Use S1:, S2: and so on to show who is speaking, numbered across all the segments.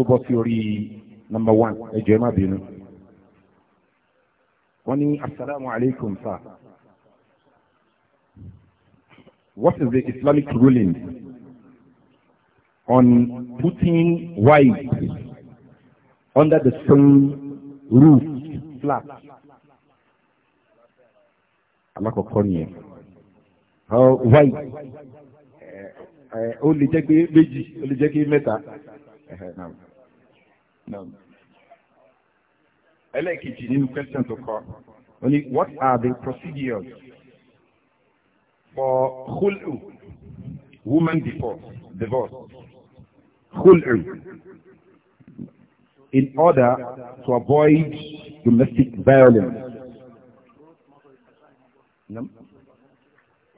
S1: tó bọ́ sí orí nọmba one ẹjọ́ ẹ má bínú. wọ́n ní asalaamu alaykum sir. What is the Islamic ruling on putting wives under the same roof flat? alákọ̀ọ́kọ́ nìyẹn wáyì eh, eh, ó lè jẹ́ pé méjì ó lè jẹ́ pé mẹ́ta ẹlẹ́ẹ̀kejì nínú question tó kọ ó ní what are the procedures for khul'u woman divorce divorce khul'u in order to avoid domestic violence. No?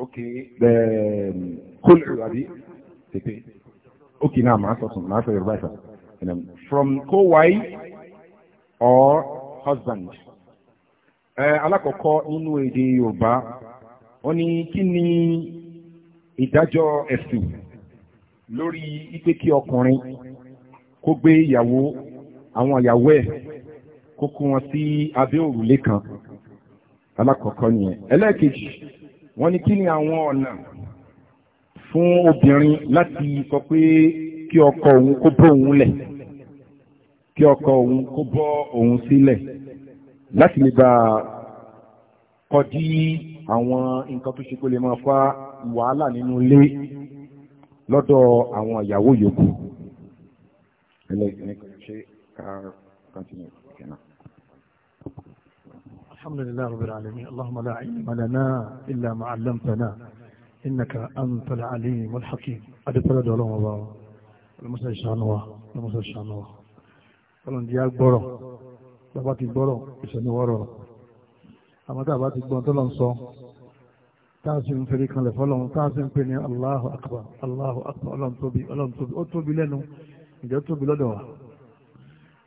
S1: Okay, the khul'u àbí Okay, now, màá sọ̀tún màá sọ your ìfà you know, from co-wife or husband. Ẹ alákọ̀ọ́kọ́ nínú èdè Yorùbá, wọ́n ní kí ni ìdájọ́ ẹ̀sìn lórí ipe kí ọkùnrin kó gbé ìyàwó àwọn ìyàwó ẹ̀ kó kó wọn sí abẹ́ òrùlé kan. Alákọ̀ọ́kọ́ nìyẹn. Ẹlẹ́ẹ̀kejì, wọ́n ní kí ni àwọn ọ̀nà fún obìnrin láti sọ pé kí ọkọ òun kó bó òun lẹ̀ kí ọkọ òun kó bọ́ òun sílẹ̀ láti lè bá kọdí àwọn nǹkan tó ṣe kó lè máa fa wàhálà nínú ilé lọ́dọ̀ àwọn ìyàwó yòókù. الحمد
S2: لله رب العالمين اللهم لا علم لنا إلا ما علمتنا إنك أنت العليم الحكيم أدفع لدى الله وبركاته المسجد شانوه المسجد شانوه ọlọ́ndì á gbọ́rọ̀
S3: bàbá ti gbọ́rọ̀ ìṣẹ̀niwọ́rọ̀
S2: àmọ́ tá a bá ti gbọ́n tó lọ́n sọ tá a sì ń fèrè kanlẹ̀ fọlọ́n tá a sì ń pè ní Allahu Akbar Allahu Akbar ọlọ́n tóbi ọlọ́n tóbi ó tóbi lẹ́nu ìjọ tóbi lọ́dọ̀ wa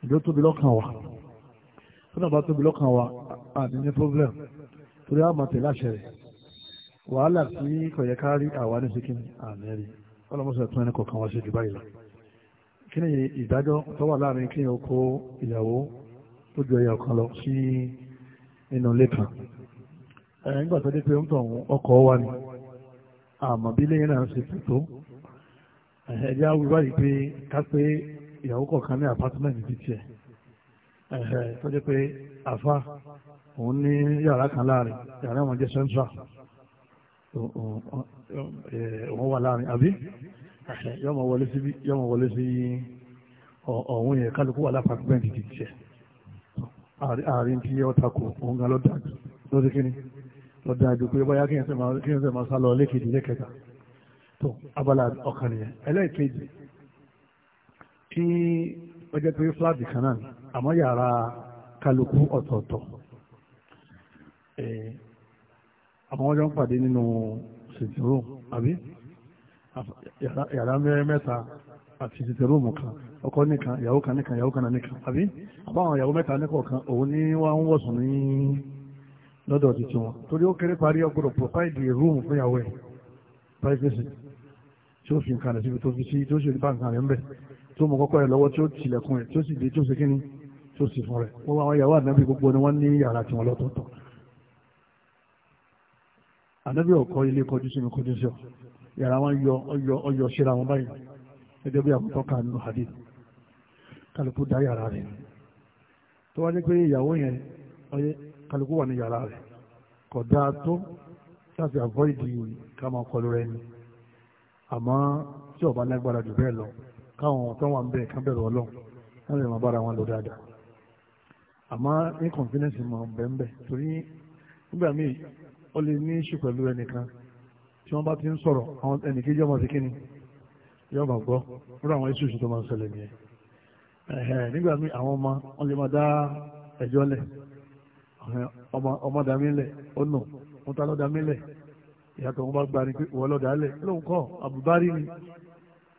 S2: ìjọ tóbi lọ́kàn wa tó náà bá tóbi lọ́kàn wa àti ní problem torí a máa tẹ̀lé àṣẹ rẹ̀ wàhálà tí kò yẹ ká rí àwa ní sikin àmẹ́rí ọlọ́mọṣẹ́ tún ẹni kọ̀ọ̀kan wá sí ju báyìí lọ kí ni ìdájọ́ tó wà láàrin kí o kó ìyàwó tó ju ẹyà kan lọ sí inú ilé kan nígbà tó dé pé ń tàn ọkọ̀ wà ní àmọ́ bí lẹ́yìn náà ṣe tó ẹ̀jẹ̀ awi wáyé pé ká pé ìyàwó kọ̀ọ̀kan ní apátímẹ́ǹtì ti tiẹ̀ tó jẹ́ pé àfa òun ní yàrá kan láàrin yàrá wọn jẹ́ central òun wà láàrin àbí yọ ma wọlé sí yọ ma wọlé sí ọ̀hún yẹn kálukú wà lápapẹ́ǹtì ti tiẹ̀ àárín tí yọ takò òun gan lọ́dà lọ́dẹ kínní lọ́dà àjò pé báyà kí n sẹ́ máa sá lọ lẹ́kẹ̀dì lẹ́kẹ̀ta tó abala ọkàn nìyẹn ẹlẹ́ẹ̀kejì kí ọjọ́ pé fúláàdì kan náà àmọ́ yàrá kálukú ọ̀tọ̀ọ̀tọ̀ àwọn ọjọ́ ń pàdé nínú sèǹtì rome àbí yàrá mẹ́ta àti tètè rúùmù kan ọkọ nìkan ìyàwó kan nìkan ìyàwó kan nìkan àbí àbáwọn ìyàwó mẹ́ta nìkọ̀ọ̀kan òun ni wọ́n ń wọ̀sùn ní lọ́dọ̀ títí wọn torí ó kéré parí ọgbọ́dọ̀ provide a room fún ìyàwó ẹ̀ privacy tí ó fi nǹkan rẹ̀ síbi tó fi sí tí ó sì rí bá nǹkan rẹ̀ ń bẹ̀ tí ó mọ kọ́kọ́ rẹ̀ lọ́wọ́ tí ó tilẹ̀kùn rẹ̀ tí ó sì dé tí ó ṣe kíni tí ó sì fún rẹ̀ wọ́n àwọn ìyàwó ànábì gbogbo ni wọ́n ní yàrá tiwọn lọ́tọ̀ọ̀tọ̀ ànábì ọkọ ilé kọjú sí kọjú sí ọ yàrá wọn yọ ọyọ ọyọ síra wọn báyìí gẹ́gẹ́ bí àkótọ́ ká nínú hadith kálukú dá yàrá rẹ̀ tó wá ní pé ìyàwó yẹn ọyẹ kálukú wà ní yàrá rẹ̀ kò dáa tó láti avoid ká máa kọlu rẹ ni àmọ́ tí ọba lágbára jù bẹ́ẹ̀ lọ káwọn tó wà ń bẹ̀ kán bẹ̀rù ọlọ́run láti máa bára wọn lò dáadáa àmọ́ inconvenience mọ̀ bẹ́ẹ̀ bẹ́ẹ̀ torí nígbà míì ó lè ní í ṣe pẹ̀lú ẹnìkan tí wọ́n bá ti ń sọ̀rọ̀ àwọn ẹnìkejì ọmọ sí kíni yóò bá gbọ́ fúnra àwọn iṣu tó máa ń ṣẹlẹ̀ nìyẹn ẹ̀hẹ̀ nígbà míì àwọn ọmọ wọn lè máa dá ẹjọ́ lẹ̀ ọmọ dàmí lẹ̀ ó nù wọn ta lọ́ọ́ dàmí lẹ̀ ìyàtọ̀ wọn bá gba ni pé wọ́n lọ́ọ́ dàálẹ̀ lóun kọ́ àbùbárí ni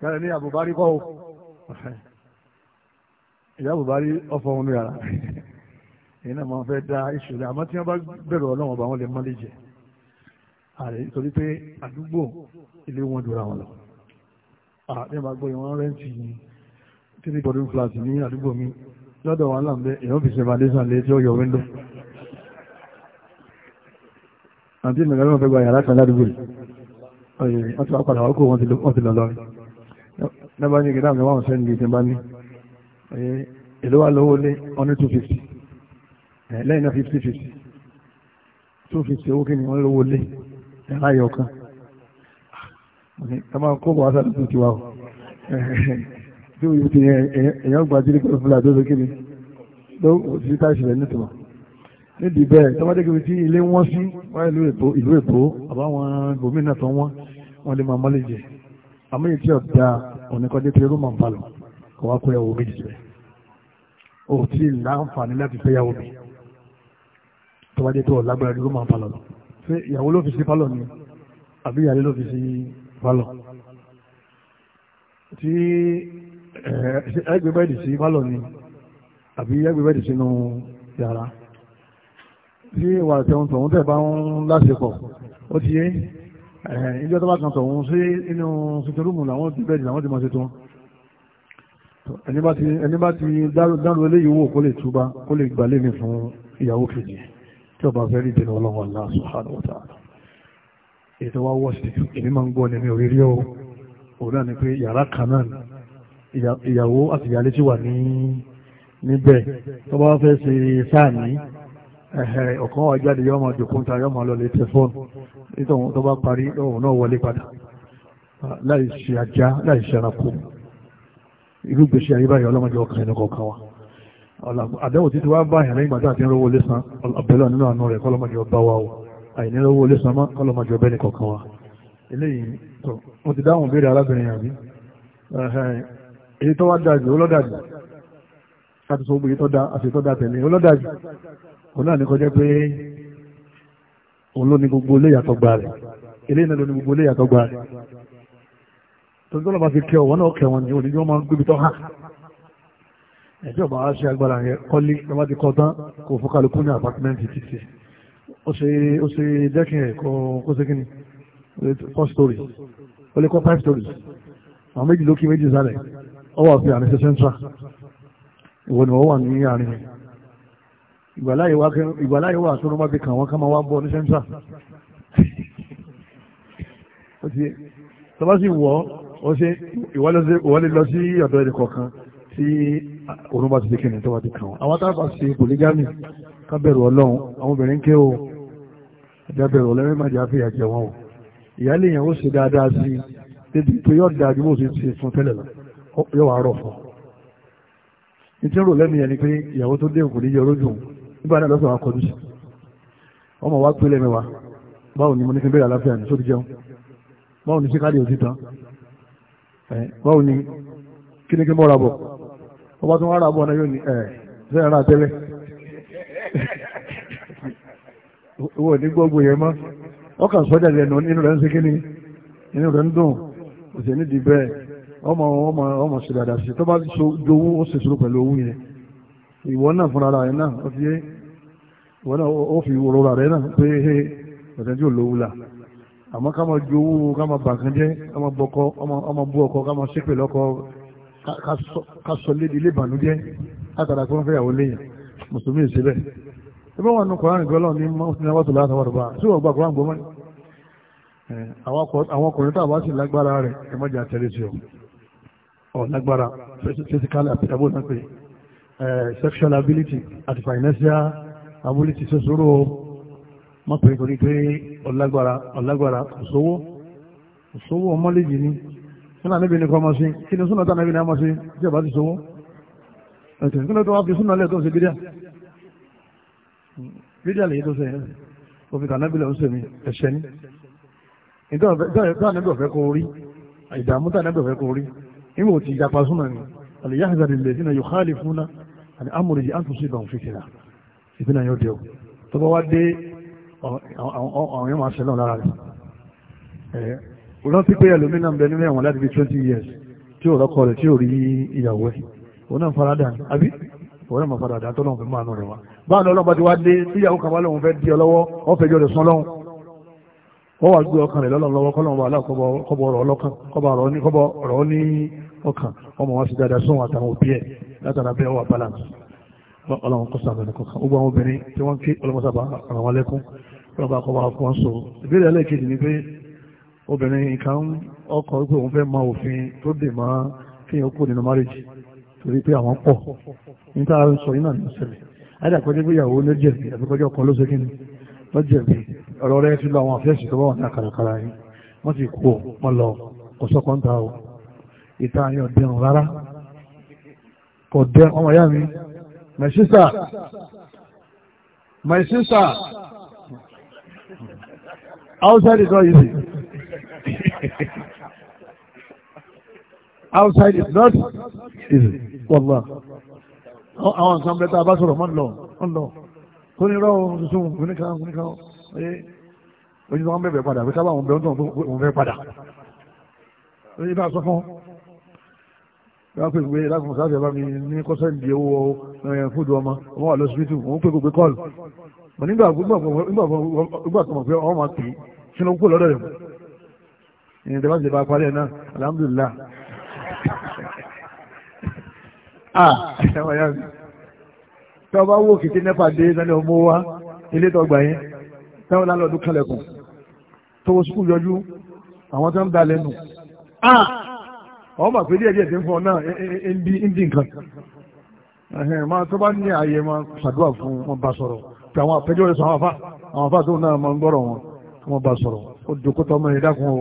S2: kárẹ̀ ní àbùbárí kọ́ o ìyá àbùbárí ọ̀fọ̀ wọn yàrá èyí náà máa fẹ́ dá iṣu lẹ̀ àmọ́ tí wọ́n bá bẹ̀rù ọlọ́wọ́n ààrẹ torí pé àdúgbò ilé wọn dúra wọn lọ ààrẹ máa gbọ́ ìwọ̀n rẹ́ǹtì three bedroom flat ní àdúgbò mi lọ́dọ̀ wà láǹbẹ́ èèyàn fi ṣe foundation lé tí ó yọ window àti ìmọ̀lẹ́ wọn fẹ́ gba yàrá kan ládùúgbò yìí ọ̀yẹ̀ wọ́n ti wá padà wákò wọ́n ti lọ lọ́rin lẹ́bàá ní ìgbéláàmì wọ́n sẹ́ ní ìsìn bá ní ọ̀yẹ̀ èló wà lówó lé ọ̀ní 250 lẹ́yìn náà 50 50 250 owó kí ni wọ́n lówó lé ẹ̀rá yọ kan ẹ máa kó bọ̀ wá sáré tó ti wá o tí wọ́n ti ẹ̀yàn gba jírí pẹ̀lú fúlà tó lókè ni ló sì tá ìṣẹ̀lẹ̀ nítumọ̀ nídìí bẹ́ẹ̀ tọ́wọ́dé kí tí ilé wọ́n sí wá ìlú èkó ìlú èkó àbáwọn gómìnà tó wọ́n wọ́n lè máa mọ́lẹ̀ jẹ àmọ́ èyí tí O da òníkọ́jẹ́ pé rúmọ̀ ń balọ̀ kò wá kó ẹwọ́ méjì síbẹ̀ ò tí ì láǹfààní láti fẹ́ yàwó mi tọ́wọ́dé tó ọ̀ lágbára rúmọ̀ ń balọ̀ lọ ṣé ìyàwó ló fi sí pálọ̀ ni àbí ìyàlé ló fi sí pálọ̀ tí ẹgbẹ́ bẹ́ẹ̀dì sí pálọ̀ ni àbí ẹgbẹ́ bẹ́ẹ̀dì sínú yàrá tí ìwà àtẹ̀hún tòun tẹ̀ bá ń láṣepọ̀ ó ti yé ilé ọtọ́ bá kan tọ̀hún sí inú sitorúmù làwọn ti bẹ́ẹ̀dì làwọn ti máa ṣe tó ẹni bá ti dárò eléyìí wò kó lè túbá kó lè gbàlé mi fún ìyàwó kejì tí ó bá fẹ́ rí ọlọ́run Allah subhanahu ta'ala ètò wa wọ́ sí èmi máa ń gbọ́ ní mi ò rí rí o òun náà ni pé yàrá kan náà ìyàwó àti ìyálé ti wà ní níbẹ̀ tó bá fẹ́ ṣe sáàní ẹ̀hẹ̀ ọ̀kan wà jáde yọ́ máa jòkó ta yọ́ máa lọ lè tẹfọ́ọ̀nù nítorí tó bá parí òun náà wọlé padà láì ajá láì ẹranko irúgbèsè ayé ọlọ́mọdé ọkàn ẹni wa àdáwò títí wá bá ìrìn ìgbàdá àti ìrọwó lé san ọ̀bẹ̀lọ́ nínú àánú rẹ̀ kọ́lọ́mọ̀jọ bá wa o àìní ìrọwó lé san mọ́ kọ́lọ́mọ̀jọ bẹ́ẹ̀ ni kọ̀ọ̀kan wa eléyìí tó wọ́n ti dáhùn béèrè arábìnrin àbí èyí tó wá dájú ọlọ́dàjú láti sọ gbogbo èyí tó dá àti tó dá tẹ̀lé ọlọ́dàjú òun náà ní kọjá pé òun ló ní gbogbo ilé ìyàtọ̀ gbà rẹ̀ eléyìí náà ló ní gbogbo ilé ìyàtọ̀ gbà rẹ̀ tó ń tọ́lọ́ bá fi kẹ́ ọ̀wọ́ ìjọba á ṣe agbára yẹn kọ́lé ìjọba ti kọ́ tán kò fún kálukú ní àpátímẹ́ǹtì títì ó ṣe dẹ́kin ẹ̀ kó ṣe kíni four stories
S3: ó lè kọ́ five stories
S2: àwọn méjì lókè méjì sálẹ̀
S3: ó wà fi àrùn ṣe central
S2: ìwọ ni wọ́n wà ní àárín yẹn ìgbàláyé wà tó ló má fi kàn wọ́n ká máa wá bọ́ ní central ó ti tọ́ba sì wọ̀ ọ́ ṣe ìwọ́lé lọ sí ọ̀dọ̀ ẹ̀dẹ̀ kọ̀ọ̀kan tí òun bá ti lè kẹ́ni tó bá ti kàn wọ́n àwọn tábà ṣe polygamy ká bẹ̀rù ọlọ́run àwọn obìnrin ké o ẹja bẹ̀rù ọlọ́run má jẹ́ àfihàn jẹ wọn o ìyáálé yẹn ó ṣe dáadáa sí i débi pé yóò dáa ju bó ṣe ṣe fún tẹ́lẹ̀ lọ yóò wá rọ̀ fún un nítorí rò lẹ́nu yẹn ni pé ìyàwó tó dé òkú níjẹ́ olójú nígbà náà lọ́sọ̀rọ̀ akọ̀dù sí ọmọ wa pélé mẹ́wàá báwo ni mo ní kí àlàáfíà ní sóbi jẹun báwo ni síkáàdì òtítàn báwo ni kí kí n bọ̀ ọba tó wá rà bọ̀ yóò ní ẹ̀ ṣe ara tẹ́lẹ̀ owó ní gbogbo yẹn mọ́ ọkà sọ́jà lẹ́nu inú rẹ̀ ń ṣe kíni inú rẹ̀ ń dùn kò ní di bẹ́ẹ̀ ọmọ ọmọ ọmọ sì dàda sí tó bá ti jowó ó sì pẹ̀lú owó yẹn ìwọ náà fúnra náà ó fi ìwọ náà ó fi náà la àmọ́ ká máa jowó ká máa ká máa bọ́kọ́ bú ọkọ ká máa ṣépè kásọ lédi ilé ìbànújẹ́ látara kí wọ́n fẹ́ yàwó léyìn mùsùlùmí ìṣẹ́lẹ̀ ẹgbẹ́ wọn nu kọ́ránì gbọ́lọ́ ní mọ́sùlùmí àwọn tòlá àtàwọn ọ̀rọ̀ bá tí wọ́n gba kọ́ránì gbọ́ mọ́ni àwọn ọkùnrin tá a bá sì lágbára rẹ̀ ẹ mọ́jà tẹ̀lé sí ọ ọ lágbára physical applicable náà pé sexual ability àti financial ability sọ́sọ́rọ́ mọ́pẹ̀lẹ́ torí pé ọlágbára ọlágbára kò sówó kò sówó ọmọlẹ́yìn ni súnà níbi nìkan ọmọ sí kí ni súnà tánà níbi ní ọmọ sí tí ọba ti sọ wọn ẹ̀tẹ̀ kí ló tó wá fi súnà lẹ̀ tó ń ṣe bídíà bídíà lè tó ṣe yẹn òfin tànà bílẹ̀ ó ṣe mi ẹ̀ṣẹ̀ ni ìtàn níbi ọ̀fẹ́ kò rí ìdààmú tàn níbi ọ̀fẹ́ kò rí ìwò ti yapa súnà ni àlè yá àzàrì lè sínú yóò hálì fúnná àni amúrè yìí àtúnṣe ìbọn fi tìlà ìbínà yóò dé o tó bá wá dé àwọn yóò máa ṣẹlẹ̀ lára rẹ̀ rántí pé ẹlòmínà ń bẹ nínú ẹ̀wọ̀n láti fi twenty years tí ò rọ́kọ rẹ̀ tí ò rí ìyàwó ẹ̀ òun náà faradà ni àbí òun náà faradà tó lọ́wọ́ fi máa nù rẹ̀ wá báwo ni ọlọ́ba ti wá dé tí ìyàwó kan bá lóun fẹ́ di ọlọ́wọ́ ọ̀fẹ́jọ́ rẹ̀ sán lọ́hùn ó wàá gbé ọkàn rẹ̀ lọ́lọ́ lọ́wọ́ kọ́lọ́wọ́ wà lákọ̀ọ́bọ̀ ọ̀rọ̀ ọlọ́kàn kọ́bọ̀ ọ̀rọ̀ ní ọkàn ọmọ wa sì dáadáa sóhun àtàwọn òbí ẹ̀ látara bẹ́ẹ̀ wà balance ọlọ́run kọ́ sàbẹ̀rẹ̀ kọ̀ọ̀kan ó gbọ́ àwọn obìnrin tí wọ́n ń ké ọlọ́mọ sábà àwọn alẹ́kùn ọlọ́ba kọ́ bá wọn fún wọn sọ ìbéèrè ẹlẹ́ẹ̀kejì ni pé obìnrin kan ọkọ wípé òun fẹ́ mọ òfin tó dè mọ́ kéèyàn kú nínú márìjì torí pé àwọn pọ̀ níta sọ iná ní ìṣẹ̀lẹ̀ àdàkọ́jọ́ pé ìyàwó ló jẹ̀bi àbíkọ́jọ́ ọkọ ló ṣe kí ni ló jẹ̀bi ọ̀rọ̀ rẹ ti lọ àwọn àfẹ́sì tó bá wà ní àkàràkàrà yìí wọ́n ti kú wọn lọ kò sọ́kọ́ ń ta o ìta àyàn dẹrùn rárá kò dẹ ọmọ ìyá mi my sister my sister
S3: outside is door easy. outside is not easy wọ́lá àwọn
S2: nǹkan bẹ́ẹ̀ tá a bá sọ̀rọ̀ mọ́ lọ mọ́ lọ tó ní rọ́ọ̀ tuntun oníkan oníkan ẹ ojú tó ń bẹ̀bẹ̀ padà pé sábà òun bẹ̀ tó òun fẹ́ padà ojú bá sọ fún wọ́n pè pé láti mọ̀sá àti àbámi ní kọ́sẹ́ ìdí owó fúdù ọmọ ọmọ wà lọ́sibítù òun pè pé
S3: kọ́ọ̀lù
S2: nígbà tó mọ̀ pé ọmọ pè é sínú kú lọ́dọ̀ rẹ̀ ìyẹn tó bá ti bá parí ẹ̀ náà alhamdulillah ah, tó bá wó kìtí nẹ́pà dé lẹ́lẹ́ ọmọ wa ilé tọgbà yẹn táwọn lálọ́dún kalẹ̀kùn tó wọ́n sùkúù yọjú àwọn tó ń da lẹ́nu ah, ọmọ àpèjì ẹ̀jẹ̀ tí ń fọ náà ń di nǹkan máa tó bá ní ààyè máa ṣàdúrà fún wọn bá sọ̀rọ̀ pé àwọn àpẹjọ́ rẹ̀ sọ àwọn àfà àwọn àfà tó náà máa ń gbọ́rọ̀ wọn wọn bá sọ̀rọ̀ ó dòkótọ́ ọmọ ìdákun o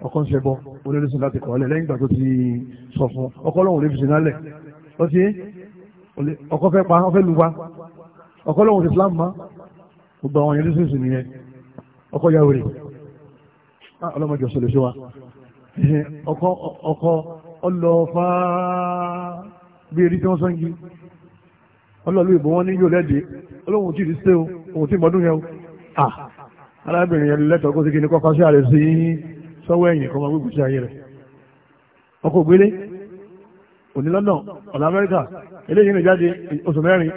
S2: ọkọ̀ ń ṣe bọ́ olórí sùn láti kọ̀ọ́lẹ̀ lẹ́yìn ìgbà tó ti sọ fún ọkọ̀ lọ́wọ́ lè fi sìn lálẹ̀ ó ti ọkọ̀ fẹ́ pa wọ́n fẹ́ lu wa ọkọ̀ lọ́wọ́ ti Islam ma gbogbo àwọn yẹn lóṣù nìyẹn ọkọ̀ ya wèrè ọlọ́mọdé ọ̀sẹ̀ lè ṣe wa ọkọ̀ ọkọ̀ ọlọ́fà bí erí tí wọ́n sọ́ngi ọlọ́lú ìbò wọn ní yóò lẹ́dẹ̀ ọlọ́run tí ì sí o òun tí mọ́dún yẹn o arábìnrin yẹn lẹ́tọ̀ọ́ kó sí kí ni kọ́kọ́ sí àrẹ sí sọ́wọ́ ẹ̀yìn kọ́ máa gbé gbèsè ayé rẹ̀ ọkọ̀ ògbélé òní London ọ̀la Amẹ́ríkà eléyìí ní jáde oṣù mẹ́rin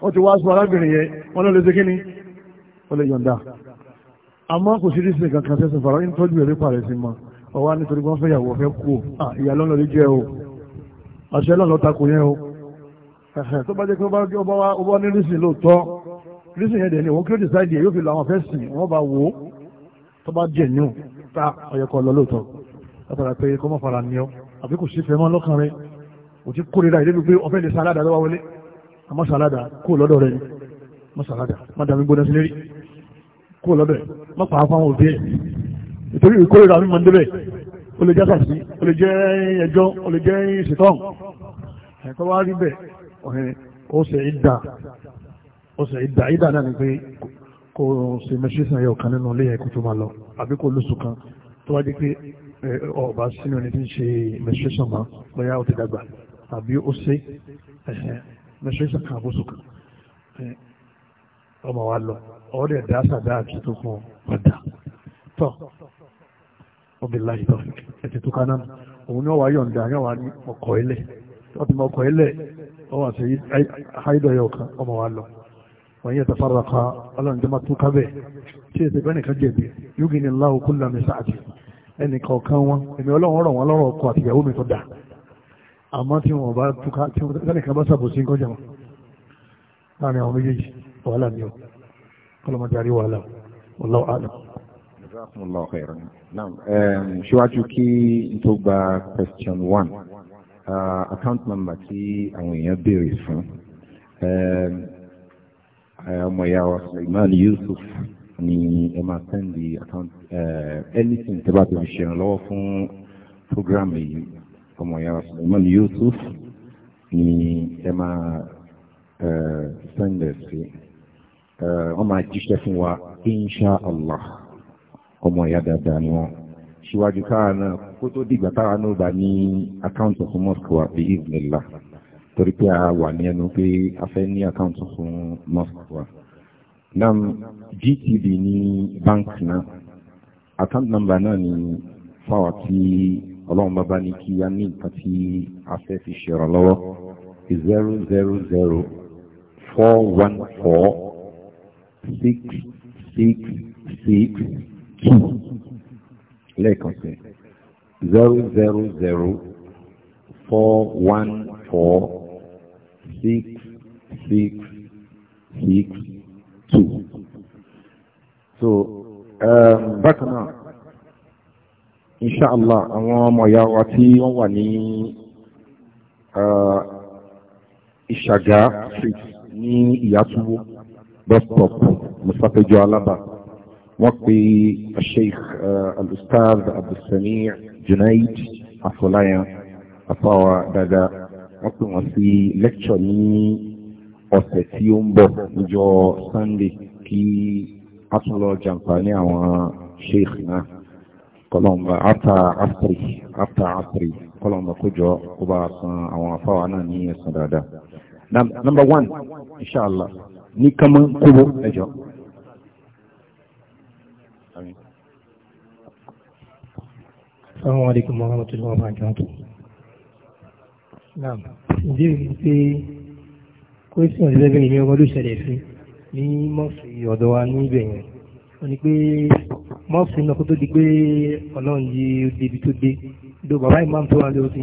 S2: ó ti wá sọ arábìnrin yẹn wọ́n lọ́ọ́ lè ṣe kíní ó lè yọ̀ǹda àmọ́ kò sí dísìn kankan sẹ́sìn fara ń tọ́jú ẹ̀rí parẹ́ sí ma ọwọ́ nítorí wọ́n fẹ́yàwó ọ̀fẹ́ kú ò ìyá lọ́nà lè jẹ́ o àṣẹ lọ́nà takò yẹn o tó bá jẹ́ pé ọba wa ní dísìn lóòótọ́ dísìn yẹn dẹ̀ ni òun kí ó dìsáìdì yóò fi lọ àwọn fẹ́ sìn wọ́n bá wò ó tó bá jẹ̀ ní o tá ọ̀yẹ̀kọ̀ lọ lóòótọ́ látara pé kọ́mọ́ fara ni ọ àbí kò sí fẹ́ mọ́ lọ́kàn rẹ kò ti kórira ìdí wípé ọ̀fẹ́ lè sàládà lọ́wọ́ wọlé àmọ́ sàládà kó lọ́dọ̀ rẹ ni mọ́ sàládà má dàmí gbóná sí lérí kó lọ́dọ̀ rẹ má pàá fáwọn òbí ẹ̀ nítorí ìkórira mi máa ń débẹ̀ ó lè jẹ́ sàṣì ó lè jẹ́ ẹjọ́ ó lè jẹ́ ṣètọ́n ẹ̀kọ́ wá rí bẹ́ẹ̀ ọ̀hìn ó ṣe ìdà ó ṣe náà ni pé kò ṣe mẹ́ṣíṣàn yẹ ọ̀kan nínú ilé ẹ̀kú tó máa lọ àbí kò lóṣù kan tó wá jẹ́ pé ọba sínú ẹni tí ń ṣe menstruation mọ́ bóyá ó ti dàgbà àbí ó ṣe menstruation kan àbóṣù kan ọmọ wa lọ ọ̀rẹ́ ẹ̀dá sàdá àti tó fún ọ̀dà tọ́ ọbẹ̀láyìí tọ́ ẹ̀tẹ̀ tó ká náà òun ni ọwà yọ̀ǹda yọ̀wà ní ọkọ̀ ilẹ̀ ọtí mọ ọkọ̀ ilẹ̀ ọwà sí háìdọ̀ yọ̀ kan ọmọ wa lọ wọ́n yẹ́ tafaraka aláǹdẹ́mà tó kábẹ̀ tí ètò ìbẹ́ nìkan jẹ̀bi yóò ní Allahu kulla min sa'ati ẹnì kọ̀ọ̀kan wọn èmi ọlọ́run rọ̀ wọ́n lọ́rọ̀ ọkọ̀ àtìyàwó mi tó dà àmọ́ tí wọ́n bá túká tí ẹnìkan bá sàbòsí nǹkan jẹ̀mọ́ láàrin àwọn méjèèjì wàhálà ni ó kọlọmọdé àrí wàhálà wallahu a'lam.
S1: ṣíwájú kí n tó gba question one account number tí àwọn èèyàn béèrè fún ọmọ ìyá wa Suleiman Yusuf ni ẹ máa sẹ́ndì àkáǹtì eh, anything tí bá ti fi ṣèrànlọ́wọ́ fún programme yìí ọmọ ìyá wa Suleiman Yusuf ni ẹ máa eh, sẹ́ndì sí eh, wọ́n máa jíṣẹ́ fún wa insha Allah ọmọ ìyá dáadáa ni wọ́n síwájú káà náà kó tó dìgbà táwa náà bá ní àkáǹtì fún mosque wa bí ìgbìlá torí pé a wà ní ẹnu pé a fẹ́ ní àkáǹtì fún mosque nam GTB ní báńkì náà àkáǹtì nọ́mbà náà ni fáwà tí ọlọ́run bá bá ní kí a ní nǹkan tí a fẹ́ fi ṣèrọ lọ́wọ́ zero zero zero four one four six six six two lẹ́ẹ̀kan sí zero zero zero four one four six six six two so um, bákan náà inṣàlá àwọn ọmọ ìyá wa tí wọ́n wà ní uh, ìṣàgá street ní ìyàtúwó bus stop alaba wọ́n pe sheikh uh, al-ustaz abdulsami junaid afolayan afawa dada wọ́n pè wọ́n sí lẹ́kṣọ̀ ní ọ̀sẹ̀ tí ó ń bọ̀ níjọ́ sunday kí a tún lọ jàǹfààní àwọn sheikh náà kọlọmba after afri after afri kọlọmba kójọ kó bá san àwọn afáwa náà ní ẹ̀sán dáadáa. number one inshallah ní kánmọ́ kóbó ẹjọ́.
S4: Assalamu alaikum warahmatullahi wabarakatuh. Naam, ǹjẹ́ ìlú pé kwesíọ̀n ti lẹ́gbẹ̀ẹ́ ìní ọmọ ló ṣẹlẹ̀ sí ní mọ́ọ̀sì ọ̀dọ̀ wa níbẹ̀ yẹn. Wọ́n ní pé mọ́ọ̀sì náà kó tó di pé ọlọ́run yí débi tó dé. Ìdó bàbá ìmáàmù tó wà ló ti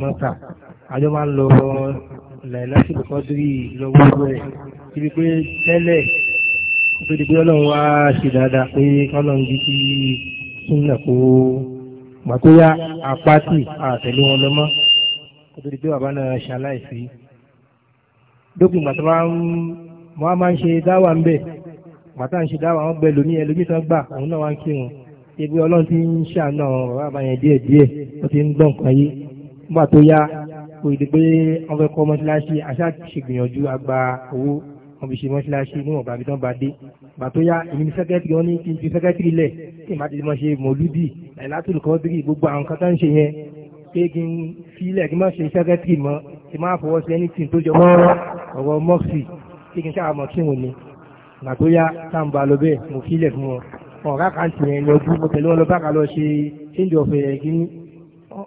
S4: mọ́ta. Àjọ máa ń lọ láìláṣí kò kọ́dírì lọ́wọ́ rẹ̀. Ibi pé tẹ́lẹ̀ kó tó di pé ọlọ́run wá ṣe dáadáa pé kọ́lọ́run jí sí Súnà kó gbà tó àtẹ̀lé wọn lọ nítorí pé bàbá náà ṣaláìsí dókùn gbàtà máa ń wọ́n máa ń ṣe dáwà ń bẹ̀ gbàtà ń ṣe dáwà wọ́n gbẹ lómi ẹlòmí tán gbà òun náà wá ń kírun ebi ọlọ́run ti ń ṣàánà bàbá àbáyẹn díẹ̀ díẹ̀ ó ti ń gbọ̀n kan yé nígbà tó yá kò ìdí pé wọ́n fẹ́ kọ́ mọ́ṣáláṣí àṣà ṣègbìyànjú àgbà owó wọ́n fi ṣe mọ́ṣáláṣí níwọ̀n bàbí tán bá dé gbà tó yá èmi ní sẹ́kẹ́tìrì wọn ní kí n fi sẹ́kẹ́tìrì lẹ̀ kí n bá ti mọ̀ ṣe mọ̀lúdì ẹ̀ látòlùkọ́ gbogbo àwọn kan tó ń ṣe yẹn pé kí n filẹ̀ kí n má ṣe sẹ́kẹ́tì mọ́ kí n fọwọ́ sí anything tó jọ mọ́ ọ̀rọ̀ mọ́ọ̀sì kí n ṣáà mọ̀ kí n ò ní nà tó yá tá n ba lọ bẹ́ẹ̀ mo filẹ̀ fún wọn ọ̀rá kan tì yẹn lọ́jú mo tẹ̀lé wọn lọ bákan lọ ṣe change of ẹ̀gín eh,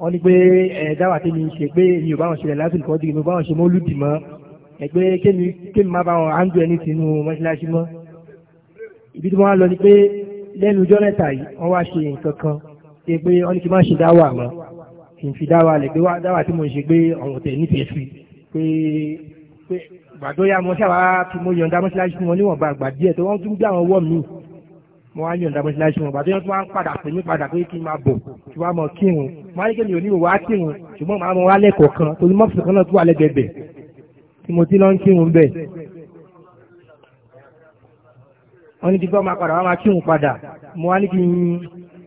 S4: wọ́n ní pé ẹ̀ẹ́dáwà eh, tí mi ṣe pé mi ò bá wọn ṣe rẹ̀ lásìkò ọdún mi ò bá wọn ṣe mọ́lúdì mọ́ ẹgbẹ́ kémi kémi má bá wọn áńdù ẹni tinú mọ́ṣáláṣí mọ́ ibi tí wọ́n á lọ ni pé lẹ́nu ọjọ́ yìí wọ́n wá ṣe nǹkan kan ṣe pé wọ́n ní kí n má ṣe dáwà mọ́ kí n fi dáwà lè pé wá dáwà tí mo ṣe pé ọ̀rọ̀ tẹ̀ nífẹ̀ẹ́ sí pé gbàdó yá mo ṣàwá tí mo yọ̀ǹda mọ́ṣáláṣí wọn níwọ̀nba àgbà díẹ̀ tó wọ́n tún gbé àwọn wọ́ mi mo wá yọ̀ǹda mọ́ṣáláṣí wọn gbàdó yẹn tún wá ń padà pè mí padà pé kí n máa bọ̀ kí wọ́n á mọ kírun mo á ní kí mi ò ní ìwà kírun ṣùgbọ́n màá mọ wálẹ̀ kọ̀ọ̀kan torí mọ́ọ̀sì kan náà tún wà lẹ́gbẹ̀ẹ́bẹ̀ tí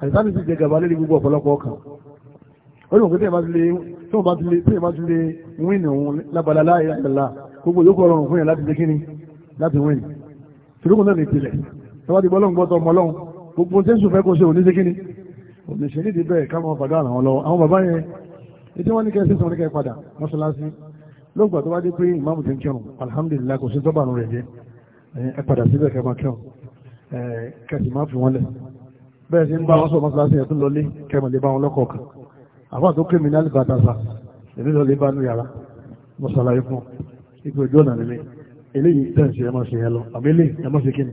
S2: àìsàn ti jẹ gàba lórí gbogbo ọ̀pọ̀lọpọ̀ ọkàn ó yóò kí tẹ́yìn bá ti lè wíìnì òun lábala láàyè àgbàlá gbogbo yóò kọrọ òun fún yẹn láti ṣe kíni láti wíìnì tìrúkùn náà ní ìpìlẹ̀ tọ́wọ́ ti bọ́lọ́n gbọ́tọ̀ ọmọ ọlọ́run gbogbo tí ń sùn fẹ́ kó ṣe òní ṣe kíni òní ṣe nídìí bẹ́ẹ̀ káwọn bàbá àwọn lọ àwọn bàbá yẹn ètí wọ́n ní kẹ́ sísan ní kẹ́ padà mọ́ṣáláṣí lóògbà tó bá dé pé ìmáàmù ti ń kírun alhamdulilayi kò sí tọ́bàrún rẹ̀ jẹ́ ẹ padà síbẹ̀ kẹ́ máa kírun kẹ́sì máa fi wọ́n lẹ̀ bẹ́ẹ̀ sí ń bá wọn sọ mọ́sálásí ẹ̀ tó lọlé kẹmọ̀lé bá wọn lọ́kọ̀ọ̀kan àbá tó kémi náà bàtà sà èmi lọlé bá nu yàrá mọ́sálásí fún ipò ìjọ náà nílé eléyìí tẹ̀sí ẹ̀ mọ́ sí ẹ lọ àbí eléyìí ẹ̀ mọ́ sí kíni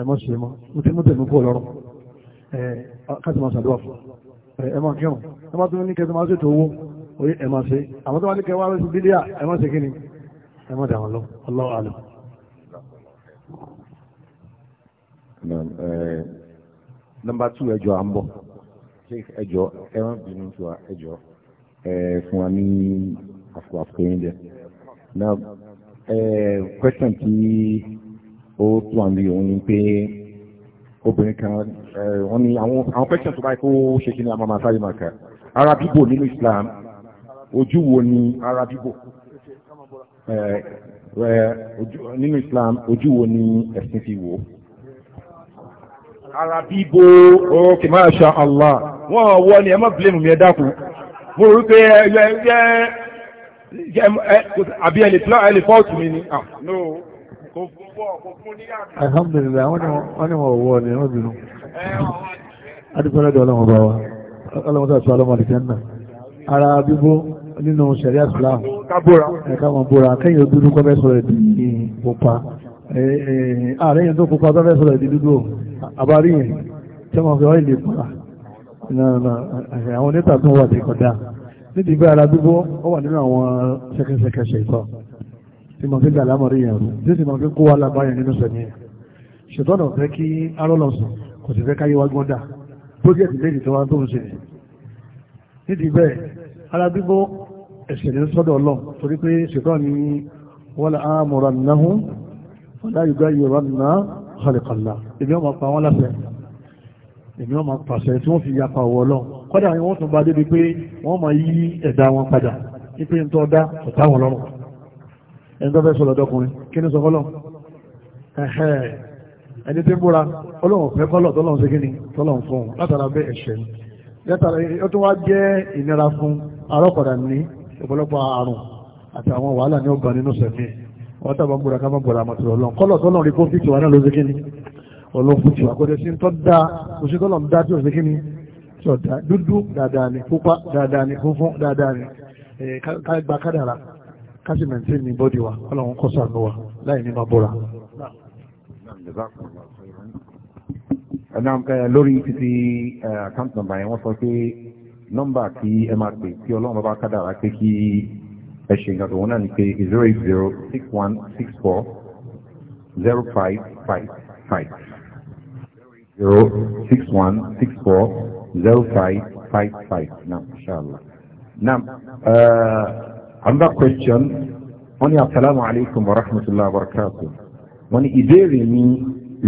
S2: ẹ̀ mọ́ sí ẹ mọ́ mo ti mú tẹ̀mí pọ̀ lọ́rùn ẹ̀ káàtì máa ṣàdúrà fún ẹ̀ máa kírun ẹ̀ máa tún ní kẹ́tọ́ máa ṣètò owó orí ẹ̀ máa ṣe àwọn tó máa ní kẹ́ lọ sí bídíà ẹ̀ máa kíni ẹ̀ dà wọn lọ Allahu alam
S1: nọmba tù ẹjọ́ à ń bọ̀ ẹjọ́ ẹran bínú tù wá ẹjọ́ ẹ fún wa ní àfọ àfọ yín jẹ náà ẹ question tí o tún àmì òun ni pé obìnrin kan wọ́n ní àwọn question tó báyìí kó ṣe kí ni àmọ́ sáré màkà ara bíbò nínú Islam ojú wo ni ara bíbò nínú Islam ojú wo ni ẹ̀sìn fi wò ó ara bíbo ok masha allah wọ́n wọ́ ni ẹ má blame mi ẹ dákú mo rú pé ẹ ẹ ẹ àbí ẹ lè fọ́ ẹ lè fọ́ ọ̀tún mi ni ah
S3: no kò fún bọ́ kò fún ní àná.
S2: alhamdulilayi wọ́n ní wọ́n wọ́ ni wọ́n bínú adúpẹ́lẹ́ dọ̀ ọlọ́run bá wa ọlọ́run sàtú ọlọ́run àdìsẹ́ náà ara bíbó nínú sẹ̀ríà islam ẹ̀ka wọn bóra kẹ́yìn dúdú kọ́ fẹ́ sọ̀rọ̀ ẹ̀dì pupa ààrẹ yẹn tó pupa tó fẹ́ sọ̀rọ̀ ẹ̀dì dúdú àbárí yẹn tí wọ́n fi ọ́ìlì para àwọn nẹ́tà tó wà ní kọ̀dá nídìí pé ara dúgbò ó wà nínú àwọn ṣẹkẹṣẹkẹ ṣètọ́ tí mo fi dàlámọ̀ rí yẹn rú tí sì mo fi kó wa lábáyẹn nínú sẹ̀mí yẹn ṣètọ́ náà fẹ́ kí arọ́lọ́sùn kò sì fẹ́ káyé wá gbọ́n dà project méjì tó wá tó ń ṣe nídìí bẹ́ẹ̀ ara dúgbò ẹ̀ṣẹ̀ ní sọ́dọ̀ ọlọ́run torí pé ṣètọ́ ni wọ́n lè á mọ̀ràn náà kọlẹ̀kọlá èmi ọmọ pa wọ́n láṣẹ èmi ọmọ pàṣẹ tí wọ́n fi yapa ọwọ́ lọ kọ́dà wọn tún bá débi pé wọ́n máa yí ẹ̀dá wọn padà wípé ń tọ́ dá ọ̀tá wọn lọ́rùn ẹni tó fẹ́ sọ lọ́dọ́kùnrin kí ni sọ fọ́lọ́ ẹni tí ń búra ọlọ́run fẹ́ kọ́lọ̀ tọ́lọ́run sí kí ni tọ́lọ́run fún un látara bẹ́ ẹ̀ṣẹ̀ ni látara ó tún wá jẹ́ ìnira fún arọ́kọ̀dà ní ọ̀pọ̀lọpọ̀ àrùn àti àwọn wàhálà ní ọgbà nínú sẹ̀mí wọ́n tàbá gbọ́ra ká má gbọ́ra àmàtúrọ̀ ọlọ́run kọ́lọ̀ tọ́lọ̀ rí fún fífi wa náà ló ṣe kíni ọlọ́run fún tiwa kọ́dẹ̀ sí tọ́ da oṣù tọ́lọ̀ ń dá tí ò ṣe kíni tí ò dá dúdú dáadáa ni pupa dáadáa ni funfun dáadáa ni ká gba kádàrà ká sì mẹ̀ntì ní bọ́dì wa
S1: ọlọ́run kọ́ sànú wa
S2: láì ní má bọ́ra.
S1: Eh, lórí títí àkáǹtì eh, nọ́mbà yẹn wọ́n sọ pé nọ́mbà tí ẹ máa pè tí ọlọ́run bá kádàrà pé kí ẹ̀ṣẹ̀ ìgbà tó wọ́n zero zero six one six four zero five five five zero six one six four zero five five five naam inshallah naam uh, another question wọ́n ní asalaamu alaykum wa rahmatullahi wa barakatuh wọ́n ní ìbéèrè mi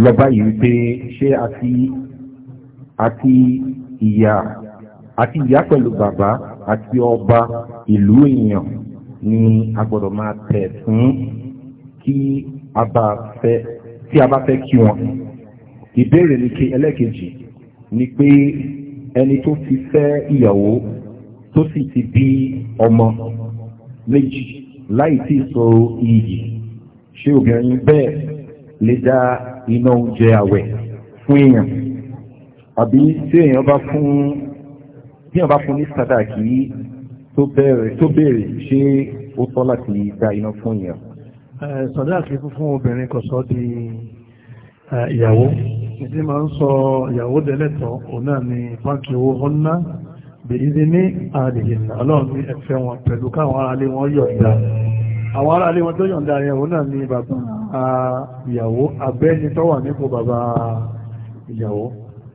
S1: lọ báyìí wípé ṣé àti àti ìyá àti ìyá pẹ̀lú bàbá àti ọba ìlú èèyàn ni a gbọ́dọ̀ máa tẹ̀ fún kí a bá fẹ́ kí wọn. ìbéèrè ni kí ẹlẹ́kejì ni pé ẹni tó ti fẹ́ ìyàwó tó sì ti bí ọmọ méjì láì tí sọ iyì ṣé obìnrin bẹ́ẹ̀ lè dá iná oúnjẹ àwẹ̀ fún èèyàn àbí tí èèyàn bá fún ní sàdáàkì tó béèrè ṣé ó tọ́ láti da iná fún ìyàn.
S2: sọ̀dá àti fún obìnrin kò sọ di ìyàwó ìdí máa ń sọ ìyàwó dẹ́lẹ́tọ̀ òun ni báńkì owó ọ̀nà bèyíde ní àdìyìnà ọlọ́run ní ẹ̀fẹ́ wọn pẹ̀lú káwọn aráalé wọn yọ̀ǹda àwọn náà ni bàbá ìyàwó abẹ́ni tó wà nípò bàbá ìyàwó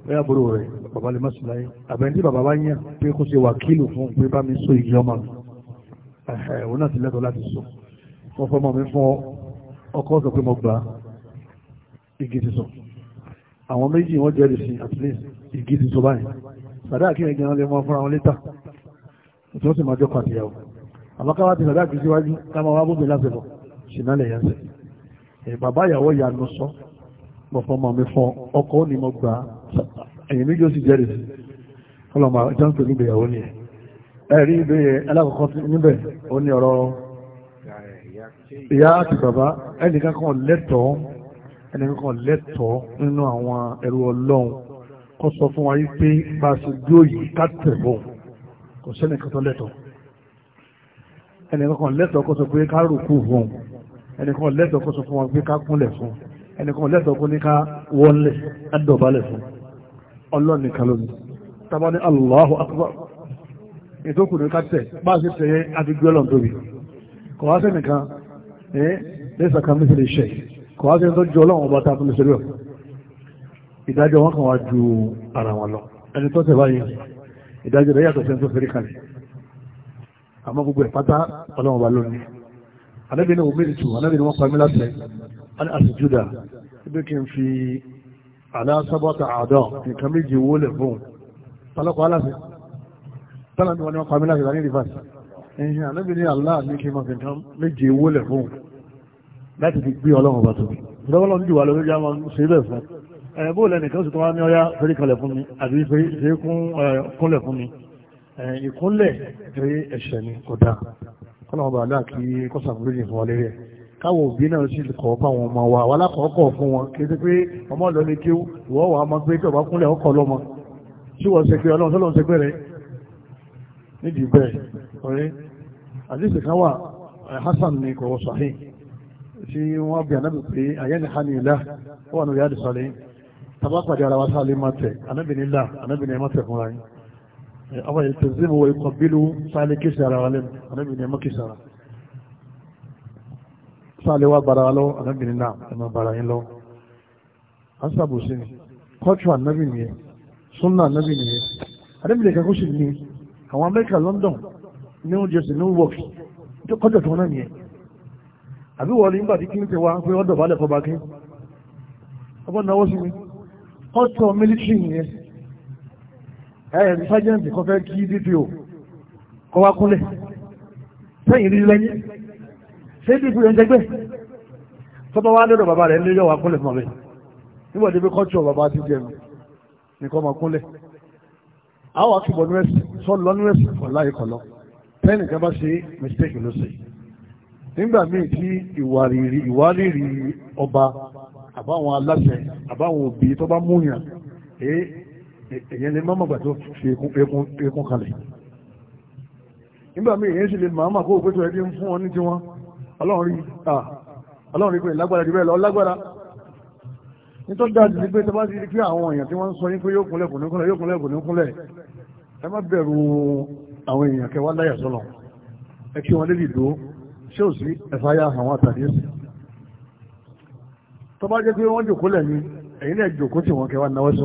S2: bẹ́ẹ̀ àbúrò rẹ̀ bàbá lè mọ́sùn láyé àbẹ̀ tí bàbá bá yàn pé kó ṣe wàkílù fún pé bá mi so ìgbì ọmọ ẹ̀hẹ̀ òun náà ti lẹ́tọ̀ọ́ láti so wọ́n fọmọ mi fún ọkọ sọ pé mo gbà á igi ti so àwọn méjì wọ́n jẹ́rìí sí at least igi ti so báyìí sàdá kí ẹgbẹ̀rún lè mọ́ fúnra wọn létà tí wọ́n sì máa jọ pàtìyàwó àmọ́ káwá ti sàdá kì síwájú ká máa wá bóbi lásìkò ṣìnà lè yẹn sẹ́ bàbá ìyàwó ìyanu sọ mo fọmọ mi fún ọkọ ó ní mo gbà á ẹ̀yìn méjì ó sì jẹ́rìí sí ọlọ́mọ ìjọ ń pè níbẹ̀ ìyàwó ni ẹ̀ rí ibẹ̀ alákọ̀ọ́kọ́ níbẹ̀ ó ní ọ̀rọ̀ ìyá àti bàbá ẹnìkan kan lẹ́tọ̀ọ́ ẹnìkan kan lẹ́tọ̀ọ́ nínú àwọn ẹrú ọlọ́run kó sọ fún wa yí pé bá a ṣe dúró yìí ká tẹ̀bọ̀ kò sẹ́nìkan tó lẹ́tọ̀ọ́ ẹnìkan kan lẹ́tọ̀ọ́ kó sọ pé ká rùkú fún ẹnìkan lẹ́tọ̀ọ́ kó sọ fún wa pé ká kúnlẹ̀ fún ẹnìkan lẹ́tọ̀ọ́ kó ní ká wọlé á dọ̀bálẹ̀ fún ọlọ́run nìkan lónìí tàbá ní Allahu Akbar ètò kù ní kátẹ̀ bá a ṣe tẹ̀yẹ adigun ọlọ́run tóbi kò wá sí nìkan ẹ lẹ́sà kan nítorí iṣẹ́ kò wá sí nítorí ju ọlọ́run ọba tá a fún nítorí ọ̀ ìdájọ́ wọn kàn wá ju ara wọn lọ ẹni tó tẹ̀ báyìí ìdájọ́ rẹ̀ yàtọ̀ sí fẹ́rí kalẹ̀ àmọ́ gbogbo ẹ̀ pátá ọlọ́run ọba lónìí anábìnrin omi ìtù anábìnrin wọn pa mí láti ẹni aláṣọ́bọ́ta àádọ́ nìkan méjì owó lè fún tọ́lọ́pọ̀ aláṣẹ tọ́lọ́pọ̀ wọn ni wọ́n pàmílá ìgbà ní rìfàṣì ẹ̀yìn ànábì ní aláà ní kí mọ̀fẹ́ nǹkan méjì owó lè fún láti fi gbé ọlọ́run bá tóbi ìdọ́wọ́lọ́ níjù wà lórí já máa ń ṣe bẹ́ẹ̀ fún ẹ̀ bó lẹ́nì kan sì tó wá ní ọyá fẹ́rí kalẹ̀ fún mi àbí fẹ́rí kúnlẹ̀ fún mi ìkúnlẹ̀ fẹ́rí ẹ̀ṣẹ̀ ni kò dáa kọ́lọ́run bá aláà kí kọ́sàkúrò yìí fún wa lérí ẹ̀ káwọn òbí náà sì kọ́ fáwọn ọmọ wa wà lákọ̀ọ́kọ̀ fún wọn kí sí pé ọmọ lọ ní kí wọ́n wà máa gbé tọ̀bá kúnlẹ̀ ọkọ̀ lọ́mọ tí wọ́n ṣe pé ọlọ́run tọ́lọ́run ṣe pé rẹ̀ nídìí bẹ́ẹ̀ ọ̀rẹ́ àdìsí kan wà Hasan ní kọ̀wọ́ sahih tí wọ́n bí anábì pé ayé ni hàní ilá ó wà ní ìyáàdì sọlẹ̀ tàbá ara wa sáà lè tẹ̀ anábì ní ilá anábì ní ẹmọ́ tẹ̀ fúnra sáàlẹ̀ wá gbára lọ anábìnrin náà ẹ máa bára yín lọ asábòsí ni kọ́tù ànábì nìyẹn súnà ànábì nìyẹn àdébìlẹ̀ kan kó sì ní àwọn amẹ́ríkà London New Jersey New York kọ́tù àtúwọn náà nìyẹn àbí wọ́n ní nígbà tí kí ní ti wá pé ọ̀dọ̀ balẹ̀ kọba kí ọgbọ́n náwó sí mi kọ́tù military nìyẹn ẹ̀ẹ́dì sájẹ́ǹtì kan fẹ́ kí dpo kọ́wá kúnlẹ̀ sẹ́yìn rí lẹ́yìn ṣé bí ìfúyẹ́ ń jẹgbẹ́ tó bá wá lọ́dọ̀ bàbá rẹ̀ lé yọ̀wá kúnlẹ̀ fún ọmọ rẹ̀ nígbà débi kọ́tù bàbá ti jẹ mi nìkan máa kúnlẹ̀ àwọn akíbọ̀ nírẹ̀sì sọ lọ nírẹ̀sì kọ̀lá ìkọ̀lọ́ tẹ́nìkan bá ṣe mistake ló ṣe nígbà míì tí ìwárìrì ìwárìrì ọba àbáwọn aláṣẹ àbáwọn òbí tó bá múyàn èyàn lè máa mọ̀gbà tó fi ekun kalẹ̀ nígbà míì èyàn sì lè máa mọ̀ kó o pé tó ẹbí ń fún ọ ní tiwọn ọlọ́run rí pé lágbára jù bẹ́ẹ̀ lọ lágbára nítorí dájú ní pé tó bá ti rí pé àwọn èèyàn tí wọ́n ń sọ yín pé yóò kúnlẹ̀ kò ní kúnlẹ̀ yóò kúnlẹ̀ kò ní kúnlẹ̀ ẹ má bẹ̀rù àwọn èèyàn kẹwàá láyà sọ́lọ̀ ẹ kí wọn lè lè dúró ṣé ò sí ẹ̀fà ya àwọn àtàdé sí tó bá jẹ́ pé wọ́n jòkó lẹ̀ ní ẹ̀yin náà jòkó tí wọ́n kẹwàá náwó sí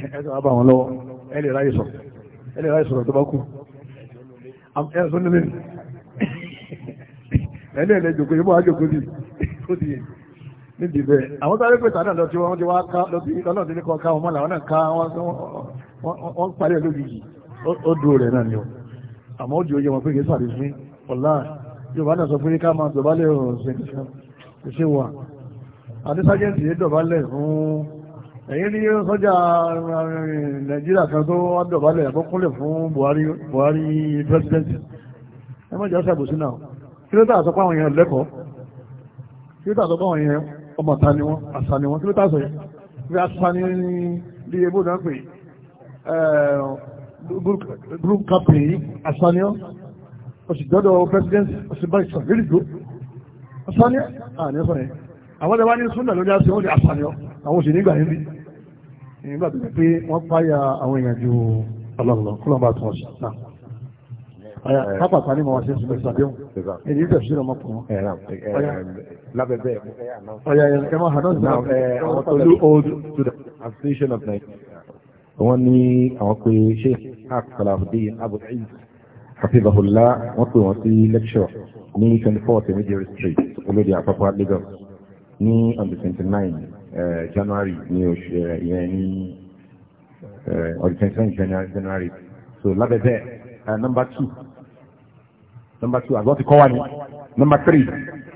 S3: ẹ̀sùn àbá wọn lọ́wọ́ ẹ lè ráyè sọ̀rọ̀ ẹ lè ráyè sọ̀rọ̀ tó bá kú ẹ̀sùn nílé
S2: ẹ lè lè jòkó yóò jòkó ní ó ti yẹ níbi bẹ́ẹ̀ àwọn tó arẹ́pẹ̀ tàdà lọ tí wọ́n ti wá ká lọ́bí lọ́nà tí ní kọ́ ká wọn mọ́ làwọn náà ká wọ́n parí ẹ̀ lójijì ó dúró rẹ̀ náà ni ó àmọ́ ó di oyè wọn pé kì í sàrí fún ọ̀la yorùbá náà sọ fún yíká máa dọ̀bálẹ̀ ọ̀sẹ̀ ìṣe wà àti sájẹ́ǹtì yé dọ̀bálẹ̀ fún èyí ni sọ́jà eh, nàìjíríà kan tó wá dọ̀bálẹ̀ àkọ́kúnlẹ̀ fún buhari buhari president ẹ mọ̀jọ́ ṣàbòsí náà kí ló tà sọ pé àwọn èèyàn lẹ́kọ̀ọ́ kí ló tà sọ pé àwọn èèyàn ọmọ ni wọn àṣà ni wọn kí ló tà sọ yẹn bí àṣà ni bí ebó náà pè eh, group captain yìí àṣà ni wọn oṣù dọ́dọ̀ president oṣù bá ìṣàn lórí ìgbó àṣà ni wọn àwọn ẹ̀dá wa ní súnà lórí àṣà ni àṣà àwọn òṣèlú ìgbà yẹn bí nígbà tó pé wọ́n páyà àwọn èèyàn ní àwọn of
S1: Nigeria. wọ́n ní àwọn pé sheikh haq salafudin abu eid hafizahullah wọ́n pè wọ́n sí lecture ní twenty th tẹ̀mídìrì street olóde àpapọ̀ lagos ní on the twenty nine Eh, January ní oṣù eh, ìyẹn eh, ọdún 27 January January so lábẹ́bẹ́ number two number two àgbọ̀ ti kọ́ wa ni number three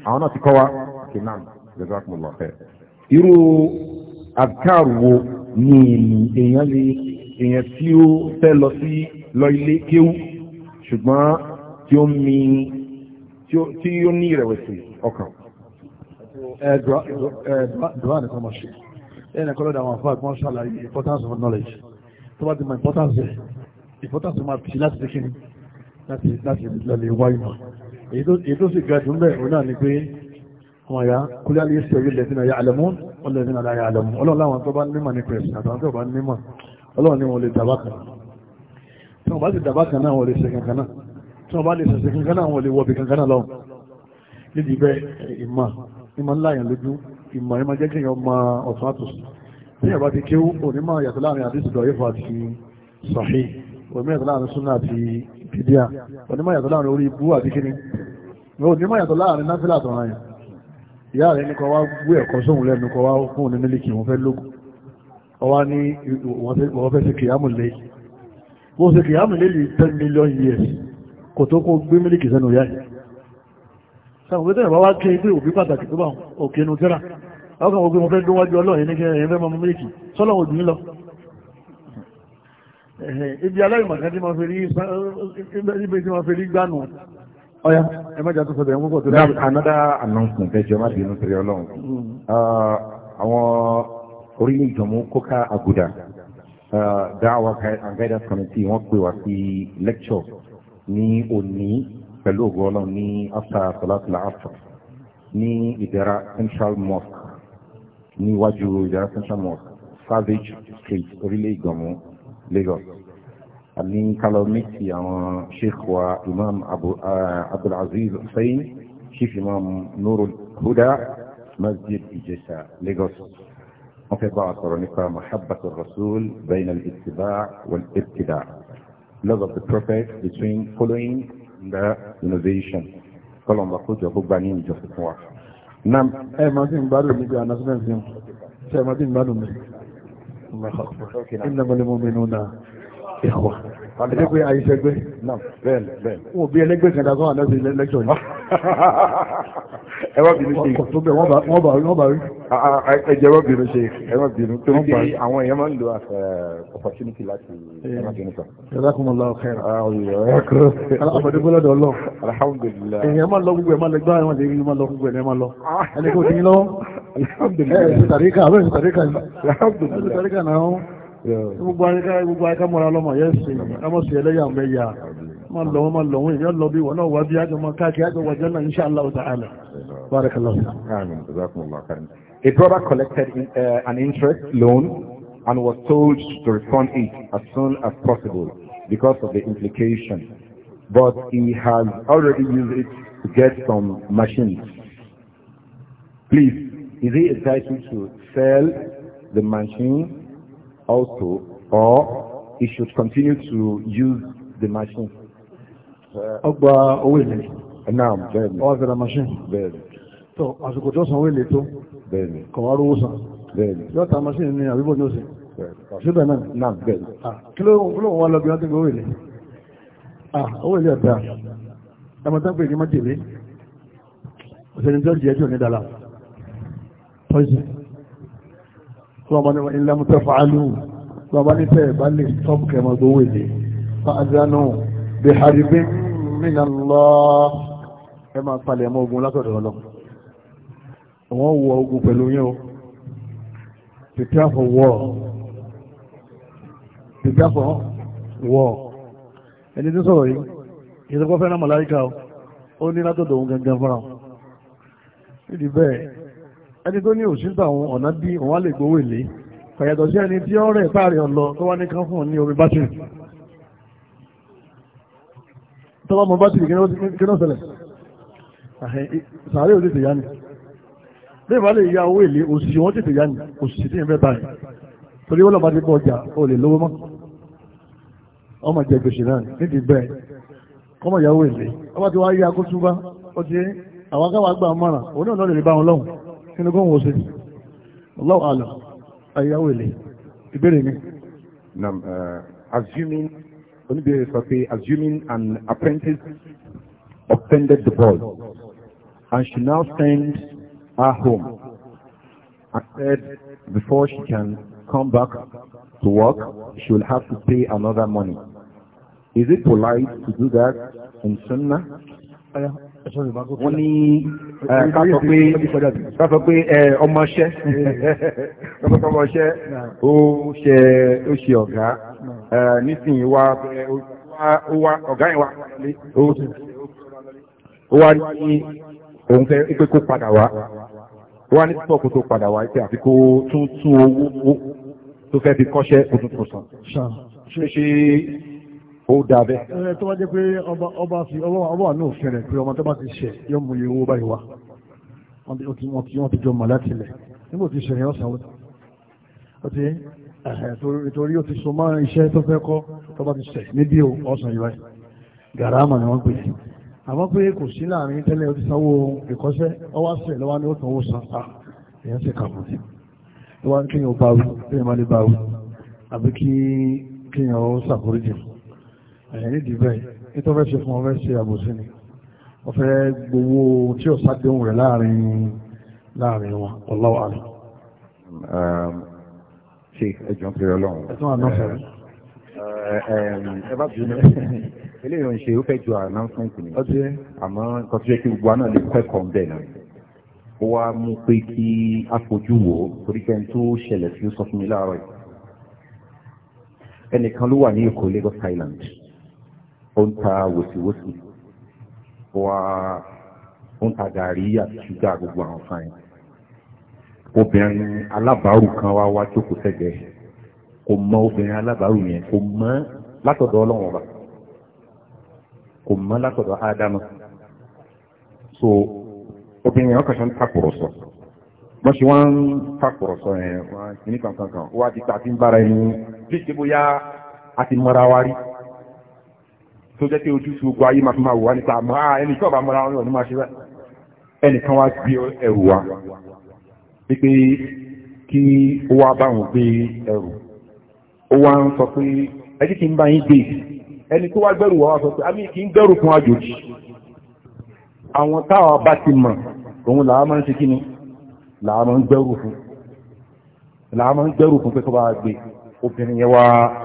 S1: àwọn náà ti kọ́ wa okay now jazakumullahu khair irú adkar wo ni èèyàn lè èèyàn tí ó fẹ́ lọ sí lọ ilé kéwú ṣùgbọ́n tí ó ní ìrẹ̀wẹ̀sì ọkàn
S2: dùwà nìkan mọ̀ ṣe ẹ̀yìn ẹ̀kọ́ lọ́dọ̀ àwọn àfáà kan ṣàlàyé importance of knowledge tó bá ti mọ importance ẹ̀ importance máa fi láti ṣe kíni láti láti lọlẹ̀ wáyé mọ̀ èyí tó sì ga jù mẹ́ òun náà ni pé ọmọ ya kúlẹ̀ àlẹ́ ìṣẹ́ orí lẹ́sìn náà yà àlẹ́mú ọlọ́ọ̀lẹ́sìn náà yà àlẹ́mú ọlọ́run láwọn tó bá nímọ̀ ní pẹ̀sì àtàwọn tó bá nímọ̀ ọlọ́run ni wọn lè dàbá kan tí wọn bá sì dàbá kan náà wọn lè ṣe kankan náà tí wọn bá lè ṣe kankan náà wọn lè wọ ìmọ̀ ńlá yẹn lójú ìmọ̀ ìmọ̀ jẹ́ kéèyàn ma ọ̀tún àtòsí tí yẹn bá ti kéwú onímọ̀ yàtọ̀ láàrin àdìsí dọ̀yẹ́fà àti sàhí onímọ̀ yàtọ̀ láàrin súnà àti pídíà onímọ̀ yàtọ̀ láàrin orí ibú àti kíní onímọ̀ yàtọ̀ láàrin náfìlà àtọ̀ àyàn ìyá rẹ̀ ní kọ́ wá gbé ẹ̀kọ́ sóhun lẹ́nu kọ́ wá fún òní mílíkì wọn fẹ́ lókun ọwá ní wọ́n fẹ́ sí kìyàmù lé wọ́n sí kìyàmù lé lè 10 million years kò tó kó gbé mílíkì sẹ́nu yáyìí sọ̀rọ̀ pé tẹ̀yìnbá wá ké pé òbí pàtàkì tó bá òkè nu tẹ́ra ọkàn wọ́n pé mo fẹ́ dún wájú ọlọ́run ní kẹrin fẹ́ mọ́mú méjì sọ́lọ́ òdì lọ ibi aláìmọ̀kan tí wọ́n fi rí ibi tí wọ́n fi rí gbánu ọ̀yá ẹ má jà tó sọ̀rọ̀ ẹ̀wọ̀n pọ̀ tó dáa. another
S1: announcement ẹjọ́ má bínú torí ọlọ́run hmm. ah, àwọn orílẹ̀ ìjọ̀mú kóká àgùdà dáhùn and guidance committee wọ́n pè wá sí lecture ní òní pẹ̀lú ògùn ọlọ́run ní after salat al-asr ní ìdẹ̀ra central mosque ní iwájú ìdẹ̀ra central mosque savage street orílẹ̀ ìgbọ̀mù Lagos àní kálọ̀ méjì àwọn sheikh wa imam abdulaziz hussein chief imam nurul huda masjid ìjẹsà Lagos wọ́n fẹ́ bá wa sọ̀rọ̀ nípa mahabbatu rasul bayna al-ittiba' wal-ibtida' love of the prophet between following the innovation kọlọ̀ bá kójọ kó gba ní ìjọ fún wa. na
S2: ẹ máa ti ń gbádùn níbi announcement yẹn ṣe máa ti ń gbádùn mi. ìnàmọ́lẹ́mọ́mẹ́nu náà ìwà àdìsí pé àyè ṣẹgbẹ́ náà bẹ́ẹ̀ bẹ́ẹ̀ wọ́n bí ẹlẹ́gbẹ́ kan dákọ́ àná sí lẹ́kṣọ̀ yìí. ẹ wá bínú ṣe kò tó bẹ wọ́n bá wọ́n bá rí. ẹjẹ wọ́n bínú ṣe ẹ wọ́n bínú tó ń bá rí.
S1: àwọn èèyàn máa ń lo eh, opportunity láti ẹ má bínú sọ.
S2: jazakumullahu khairan. alamọdé gbọ́dọ̀ dọ̀ lọ.
S1: alhamdulillah. èèyàn
S2: máa lọ gbogbo ẹ̀ máa lọ gbọ́ àwọn èèyàn máa lọ gbogbo ẹ̀ máa lọ.
S1: Ah. ẹnì kò dín lọ.
S2: alhamdulillah. ẹ ẹ sọ tàríkà gbogbo ayé mọ́ra lọ́mọ yẹ́ sí ẹmọ́ ẹlẹ́yà mẹ́yà ma lọ ma lọ wọn lọ bí wọn náà wà bí ájọ ma káàkiri ájọ wà jẹ́ náà insha
S1: A brother collected in, uh, an interest loan and was told to refund it as soon as possible because of the implication. But he has already used it to get some machines. Please, is he entitled to sell the machine also, or he should continue to use the machine. Ọgbà owó èlé. Naam, bẹ́ẹ̀ni. Ọwọ́ àgbẹ̀rẹ̀ machine. Bẹ́ẹ̀ni.
S2: Tó àsìkò tó san owó èlé tó. Bẹ́ẹ̀ni. Kọ̀wá rówó san. Bẹ́ẹ̀ni. Yóò ta machine ní àbíbò ní òsè. Síbẹ̀ náà. Naam, bẹ́ẹ̀ni. Kí ló ń wá lọ bí wọ́n ti gbé owó èlé? Owó èlé ọ̀dà. Ẹmọ tán pè ní májèlé. Òṣèlú tó jẹ́ tí ò ní dàlà. Poison lọ́ba ní wọ́n ilẹ̀ mọ́tẹ́ fàálù lọ́ba ní tẹ́ ìbá lè stop kẹmọ́ gbowó èdè fàájánù bí haribi min Allah ẹ máa palẹ̀ mọ́ ogun látọ̀dọ̀ ọlọ́ wọ́n wọ ogun pẹ̀lú yín o prepare for war prepare for war ẹni tí sọ̀rọ̀ yìí ìṣẹ́kọ́ fẹ́ràn màláíkà ó ní látọ̀dọ̀ òun gangan fúnra ìdí bẹ́ẹ̀ ẹni tó ní òṣìṣẹ́ àwọn ọ̀nà bí òun á lè gbowó èlé kọ̀yàtọ̀ sí ẹni tí ó rẹ̀ páàrí ọ̀lọ tó wá ní kán fún ní omi bátìrì tó bá mọ bátìrì kí náà ṣẹlẹ̀ sàárẹ̀ ò tètè yá ni bí ìbá lè ya owó èlé òṣìṣẹ́ wọn tètè yá ni òṣìṣẹ́ tí ń fẹ́ báyìí torí wọ́n lọ́ba ti bọ̀ ọjà ó lè lówó mọ́ ọmọ jẹ gbèsè náà nídìí bẹ́ẹ̀ kọ́mọ ìyàwó èlé ọba ti wá yá kó túbá ó ti àwọn akáwà gbà mọ́ràn òun náà lọ́ọ́ lè kí ni kóhùn òsè ọlọ́wọ́ àlọ́ ayáwó ilé
S1: ìbéèrè mi. Uh, assuming oníbèrè sọ pé assuming an apprentice offended the boy and she now sent her home and said before she can come back to work she will have to pay another money. Is it polite to do that in Sunnah?
S4: wọ́n ní
S1: káfọ́ pé ọmọọṣẹ́ ọmọọṣẹ́ ó ṣe ọ̀gá nísìnyí wá ọ̀gá yẹn wá ó wá ní òun fẹ́ pé kó padà wá ó wá ní sọ́ọ̀kù tó padà wá pé àfi kó tún tún owó tó fẹ́ fi kọ́ṣẹ́ òtútù sàn. ṣe ṣe ó dá bẹ́.
S2: ẹ tó bá jẹ́ pé ọba fi ọba náà fẹ́rẹ̀ pé ọmọ tó bá ti ṣẹ̀ yóò mú iye owó báyìí wá wọ́n ti jọ mọ̀ láti ilẹ̀ nígbà tí ṣẹ̀yìn ọ̀sán wọ́n ó ti torí ó ti so mọ́ iṣẹ́ tó fẹ́ kọ́ tó bá ti ṣẹ̀ níbi ọ̀sán yìí báyìí gàràmà ni wọ́n pè é àmọ́ pé kò sí láàrin tẹ́lẹ̀ ó ti sanwó ìkọ́ṣẹ́ ọwọ́ sẹ̀ lọ́wọ́ ni ó tàn ó san pa èèyàn sì kà fún un wọ́n kéèyàn bá wí kéèyàn má lè bá wí àbí kí kéèyàn ó ṣàforíjì fún ẹ̀yìn nídìí bẹ́ẹ̀ nítorí fẹ́ ṣe fún ọfẹ́ ṣe àbòsí ni ọfẹ́ gbowó tí ó sádéhùn rẹ̀ láàrin láàrin wọn ọlọ́wọ́ àlọ́.
S1: ṣe ẹjọ́ ń pè ọlọ́run. ẹ tún àná fẹ́rẹ̀. Um, ẹ bá bínú eléyìí ń ṣe ó fẹ́ ju announcement ni àmọ́ nǹkan tó yẹ kí gbogbo àná lè kẹ́kọ̀ọ́ bẹ́ẹ̀ náà ó wá mú pé kí a fojú wò ó torí pé tó ṣẹlẹ̀ sí ó sọ fún mi láàárọ̀ yìí ẹnìkan ló wà ní Èkó Lagos Island ó ń ta wòsíwòsí wà ó ń ta gàrí àti ṣúgà gbogbo àwọn fain obìnrin alábàárù kan wá wá jókòó sẹ́gbẹ̀ẹ́ kò mọ obìnrin alábàárù yẹn kò mọ látọ̀dọ̀ ọlọ́wọ́n ọba kò mọ látọ̀dọ̀ ádámù so obìnrin ọkàn ṣe ń takùrọ̀sọ wọ́n ṣe wọ́n ń takùrọ̀sọ yẹn wọ́n ní kankan kan wọ́n á ti ta àti ń bára ẹni bí ṣe bóyá a ti mọ́ra wa rí tó jẹ́ pé ojú tí gbogbo ayé máa fi máa wò wá nípa àmọ́ ah, ẹni tí ọba mọ́ra wọn ní máa ṣe rẹ̀ ẹnìkan wá gbé ẹrù wa wípé kí ó wá bá wọn gbé ẹrù ó wá ń sọ pé ẹjí kí n bá yín gbé ẹni tó wá gbẹrù wa sọ pé àmì kì í
S3: gbẹrù fún àjòjì
S1: àwọn táwa bá ti mọ̀ òun làá máa ń ṣe kí ni làá máa ń gbẹrù fún làá máa ń fún pé tó bá gbé obìnrin yẹn wá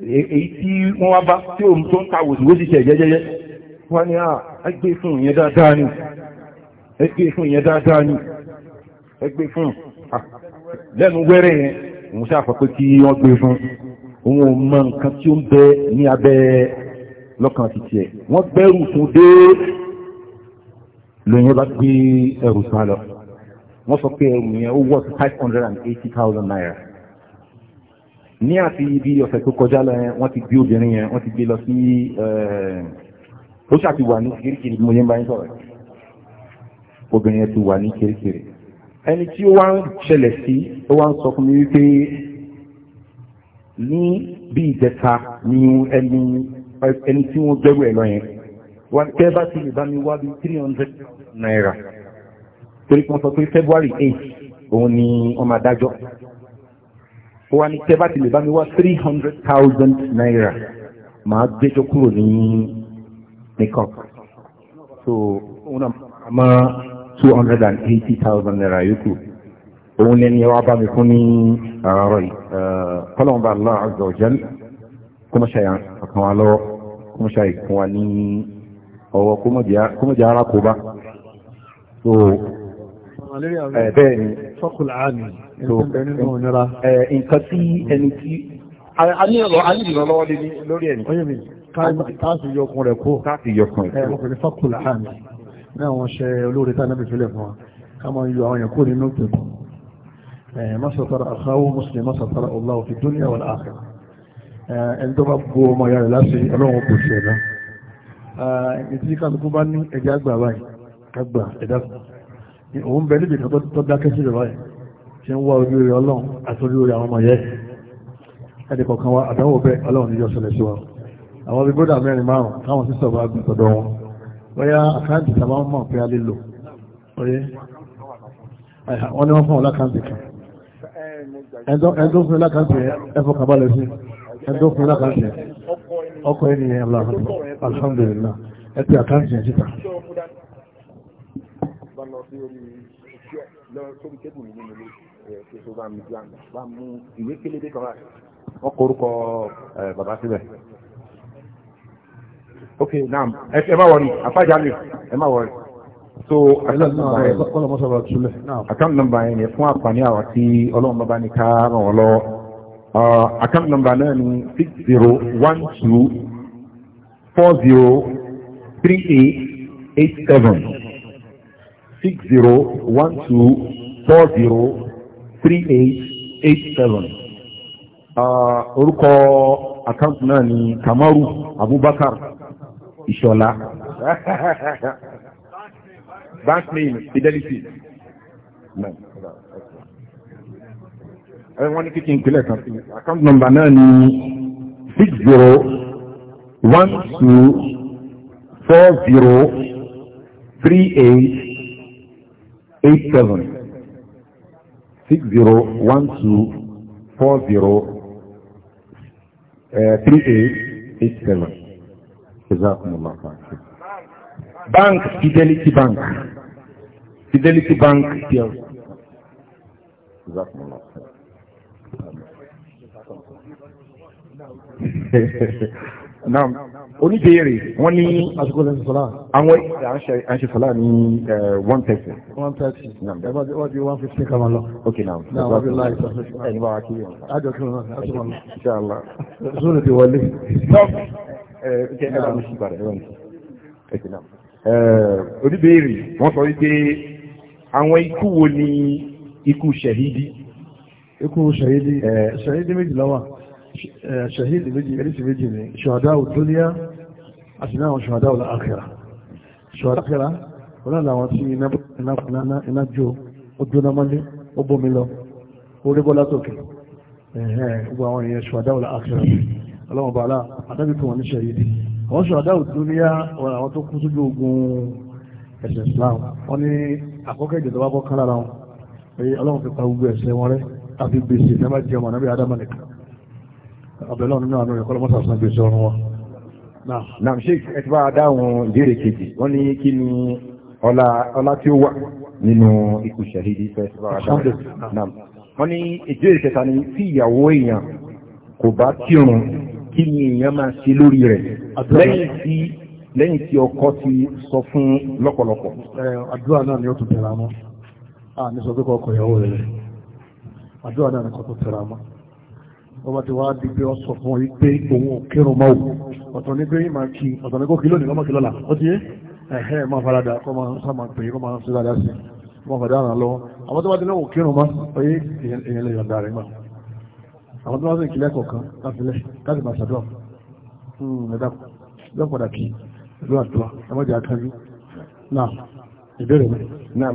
S1: èyí tí wọ́n wá bá tí ó tó ń ta wòsíwó sì ṣẹ̀ jẹ́jẹ́jẹ́ wọ́n ni ah, ẹgbẹ́ fún ìyẹn dáadáa ni ẹgbẹ́ fún ìyẹn dáadáa ni ẹgbẹ́ fún ah, lẹ́nu wẹ́rẹ́ yẹn òun ṣáà kí wọ́n gbé fún òun ò nǹkan tí ó ń bẹ ní abẹ́ lọ́kàn ti tiẹ̀ wọ́n bẹ̀rù fún dé lóyún bá gbé ẹrù sálọ wọ́n sọ pé ẹrù yẹn ó wọ́ sí naira ní àti ibi ọ̀sẹ̀ tó kọjá lọ yẹn wọ́n ti gbé obìnrin yẹn wọ́n ti gbé lọ sí eh, ó ṣàti wà ní kirikiri mo yé ń bá yín sọ̀rọ̀ obìnrin yẹn ti wà ní kirikiri ẹni tí ó wá ń ṣẹlẹ̀ sí ó wá ń sọ fún mi wípé ní bí ìjẹta ni ẹni ẹni tí wọ́n gbẹ́rù ẹ̀ lọ yẹn wọ́n tẹ́ bá ti lè bá mi wá bí three hundred naira torí pé wọ́n sọ pé February eight òun ni wọ́n máa dájọ́ wọ́n ní tẹ́bá ti lè bá mi wá three hundred thousand naira màá gbẹ́jọ́ kúrò ní nìkan so òun náà àmọ́ two hundred and eighty thousand naira yòókù òun lẹ́ni ẹ wá bá mi fún ní àárọ̀ yìí kọ́lọ́n bá Allah azza wa jal kọ́mọ́ṣà yà kàn wá lọ́wọ́ kọ́mọ́ṣà yìí fún wa ní ọwọ́ kọ́mọ́jà arákùnrin bá so
S2: malaria rẹ̀ bẹ́ẹ̀ ni
S1: fọ́kùlà àmì nǹkan tí ẹni tí a ní ìrànlọ́wọ́ lórí ẹni. oyè mi káàsì yọkùn rẹ̀ kó káàsì yọkùn rẹ̀ eh, kó ọkùnrin fọ́kùlà àmì ní àwọn ṣe olóore
S2: tá náà fífilẹ̀ fún wa ká máa yọ àwọn ẹ̀kọ́ nínú pẹ̀lú ma satara tó bá bo ọmọ ìyá rẹ̀ láti ọlọ́run kò ṣẹ̀dá òun bẹ níbi ìkan tó dákẹ́ sí ìrọ̀ ẹ̀ tí ń wá ojú rẹ̀ ọlọ́run àti ojú rẹ̀ àwọn ọmọ yẹ́ ẹni kọ̀ọ̀kan wa àdánwò bẹ́ ọlọ́run níjọ́ ṣẹlẹ̀ sí wa àwọn ibi gbọ́dọ̀ mẹ́rin márùn táwọn sísọ bá gbé tọ̀dọ̀ wọn bóyá àkáǹtì tàbá mọ̀ pé a lè lò oyé wọ́n ní wọ́n fún ọlákàǹtì kan
S3: ẹni tó fún
S2: ọlákàǹtì ẹ fọkàn balẹ̀ sí ẹni fún ọlákàǹtì ọkọ̀ ẹni yẹn alhamdulilah ẹ ti àkáǹtì yẹn síta
S1: sí orí iṣẹ́ lọ sórí tébù mi nínú ilé ṣe tó bá mi ju àná bá mú ìwé kélébé kan láti. wọ́n kọ orúkọ bàbá síbẹ̀. ok naam ẹ má wọrí àfájà mi ẹ má wọrí. so account number yẹn yẹn fún àǹfààní àwọn tí ọlọ́run bàbá ní ká ràn wọ́n lọ́wọ́. Ah, account number náà ni six zero one two four zero three eight eight seven six zero one two four zero three eight eight seven. Ah, orúkọ àkáǹtì náà ni Kamaru Abubakar Ìṣọ̀lá bank name Fidelity. Ẹ wọ́n ní kíkí ìpínlẹ̀ kan sí. Account number náà ni six zero one two four zero three eight eight seven six zero one two four zero uh, three eight eight seven. Jazakumullah khair. Bank Fidelity Bank. Fidelity Bank here. Jazakumullah khair. Now, oníbèrè wọ́n ní àsìkò lẹ́sìn sọ́lá àwọn àṣẹ sọ́lá ní eh, one thirty. one thirty wọ́n di one fifty kama lọ. ok naam naam wọ́n bí láì sọ fún mi. ẹni bá wa kiri wọn. àjọ kiri wọn àti wọn. inshàlá. zoro ti wọlé. ẹ ẹ ẹ ẹ bá mi sí ìbàdàn ẹ bá mi sí. ok naam. Eh, oníbèrè wọ́n sọ wípé àwọn ikú wo ni ikú ṣẹ̀hídì. ikú
S2: ṣẹ̀hídì eh, ṣẹ̀hídì méjìlá wà ṣahidi eh, méjì ẹlẹ́sì méjì ni ṣọ̀dáwò dúníà àti náà ṣọ̀dáwò àkàrà ṣọ̀dáwò àkàrà wọn náà làwọn tí iná jó ó dúná mọ́lé ó bómi lọ orí bọ́lá tókè gbogbo àwọn èèyàn ṣọ̀dáwò àkàrà ọlọ́wọ́n bàálà àdábì fún wọn ní ṣahidi àwọn ṣọ̀dáwò dúníà wọn àwọn tó kú sójú ogun ẹ̀sìn Islam wọn ní àkọ́kẹ́ ìjọba bọ́ kán lára wọn ọlọ́wọ́n fi pa gbogbo ẹ̀ṣẹ̀ wọn rẹ́ àfi gbèsè náà
S1: bá jẹun ànábì Ádámù nìkan abẹ́lọ́ nínú àánú rẹ̀ kọ́lọ́mọ́sà fún ẹgbẹ́ ìṣọ́run wa. nam sheik ẹ ti a dáhùn ìbéèrè kejì wọ́n ní kí ni ọlá tí ó wà nínú ikú ṣẹ̀hídì fẹ́ ti bá a dáhùn. wọ́n ní ìbéèrè kẹta ni tí ìyàwó èèyàn kò bá kírun kí ni èèyàn máa ṣe lórí rẹ̀ lẹ́yìn tí lẹ́yìn tí ọkọ ti sọ fún lọ́pọ̀lọpọ̀.
S4: àdúrà
S2: náà ni ó tún tẹ̀ra mọ́ àà ní sọ pé kọ́ ọkọ̀ ìyàwó rẹ̀ àdúrà náà ni kọ́ tún tẹ̀ra mọ́ ọba ti wá di pé ọ sọ fún ọ yìí pé òun ò kírun mọ́ òun ọ̀tọ̀ ní pé ìmọ̀ kí ọ̀tọ̀ ní kó kí lónìí lọ́mọ́ kí lọ́la ó ti yé ẹ̀hẹ́ máa farada kọ́ máa ń sáàmà pè kọ́ máa ń síláda sí máa fàdá àrà lọ àwọn tó bá ti náà ò kírun mọ́ oyé èèyàn lè yọ̀ǹda rẹ̀ mọ́ àwọn tó bá sì kílẹ̀ kọ̀ọ̀kan káfílẹ̀ káfí máa ṣàdúrà hmm, ẹ̀dá lọ́pàdà kí ìlú àdúrà ẹ má jẹ́ akájú náà ìbéèrè mi.
S1: náà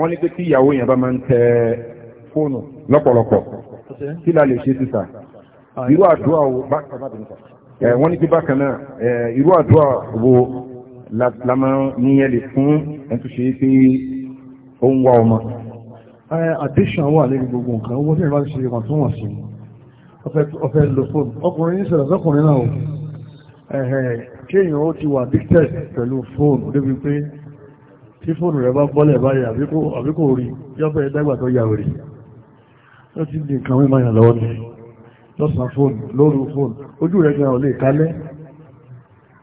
S1: wọ́n ní pé tí ìyàwó yẹn kí la lè ṣe sí sà irú àdúrà wo wọ́n ní kí bákan náà irú àdúrà wo la máa ní ẹ lè fún ẹ tó ṣe é pé ó ń wá ọmọ.
S2: addiction wà lórí gbogbo nǹkan owó tí ìrìnàmọ́ ti ṣe ìwọ̀n tó wọ̀n sí ọ̀fẹ́ lò fóònù ọkùnrin ní sọ̀rọ̀ sọ́kùnrin náà kéèyàn ó ti wà addicted pẹ̀lú fóònù débi pé tí fóònù rẹ̀ bá bọ́lẹ̀ báyìí àbíkò rí yọ́fẹ́ dágbà tó yà wèrè ó ti di nǹkan mímọ̀ yàn lọ́wọ́ ní lọ́sàn fóònù lóru fóònù ojú rẹ̀ gan olè kalẹ́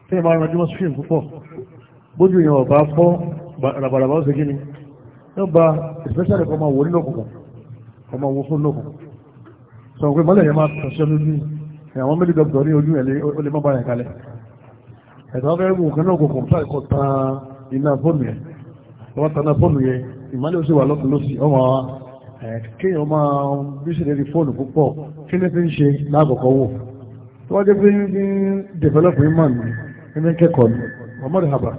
S2: tí ìmọ̀ ara jọmọ́ fíìmù púpọ̀ bójú yàn ọ̀bá fọ́ ràbàràbà ó ṣe kí ni yóò ba especially kọ́ máa wò nínú òkùnkùn kọ́ máa wò fóònù òkùnkùn sọ pé mọ́lẹ̀ yẹn máa tọ̀ṣẹ́ lójú àwọn mẹ́lì dọ́kítọ̀ ní ojú yẹn ó lè má bá yàn kalẹ̀ ẹ̀tọ́ fẹ́ mú nǹkan náà òkùnkùn tá ìkọ̀ ta iná fóònù yẹn wọ́n ta iná fóònù yẹn ìmọ̀lẹ́ ó sì wà lọ́kùn lọ́sì ọmọ wa kéèyàn máa bíṣẹ̀ lérí fóònù púpọ̀ kí ní fi ń ṣe láàkọ̀kọ́ wò tó wájú pé ní develop human ní ní kẹ́kọ̀ọ́ ní mohammed haba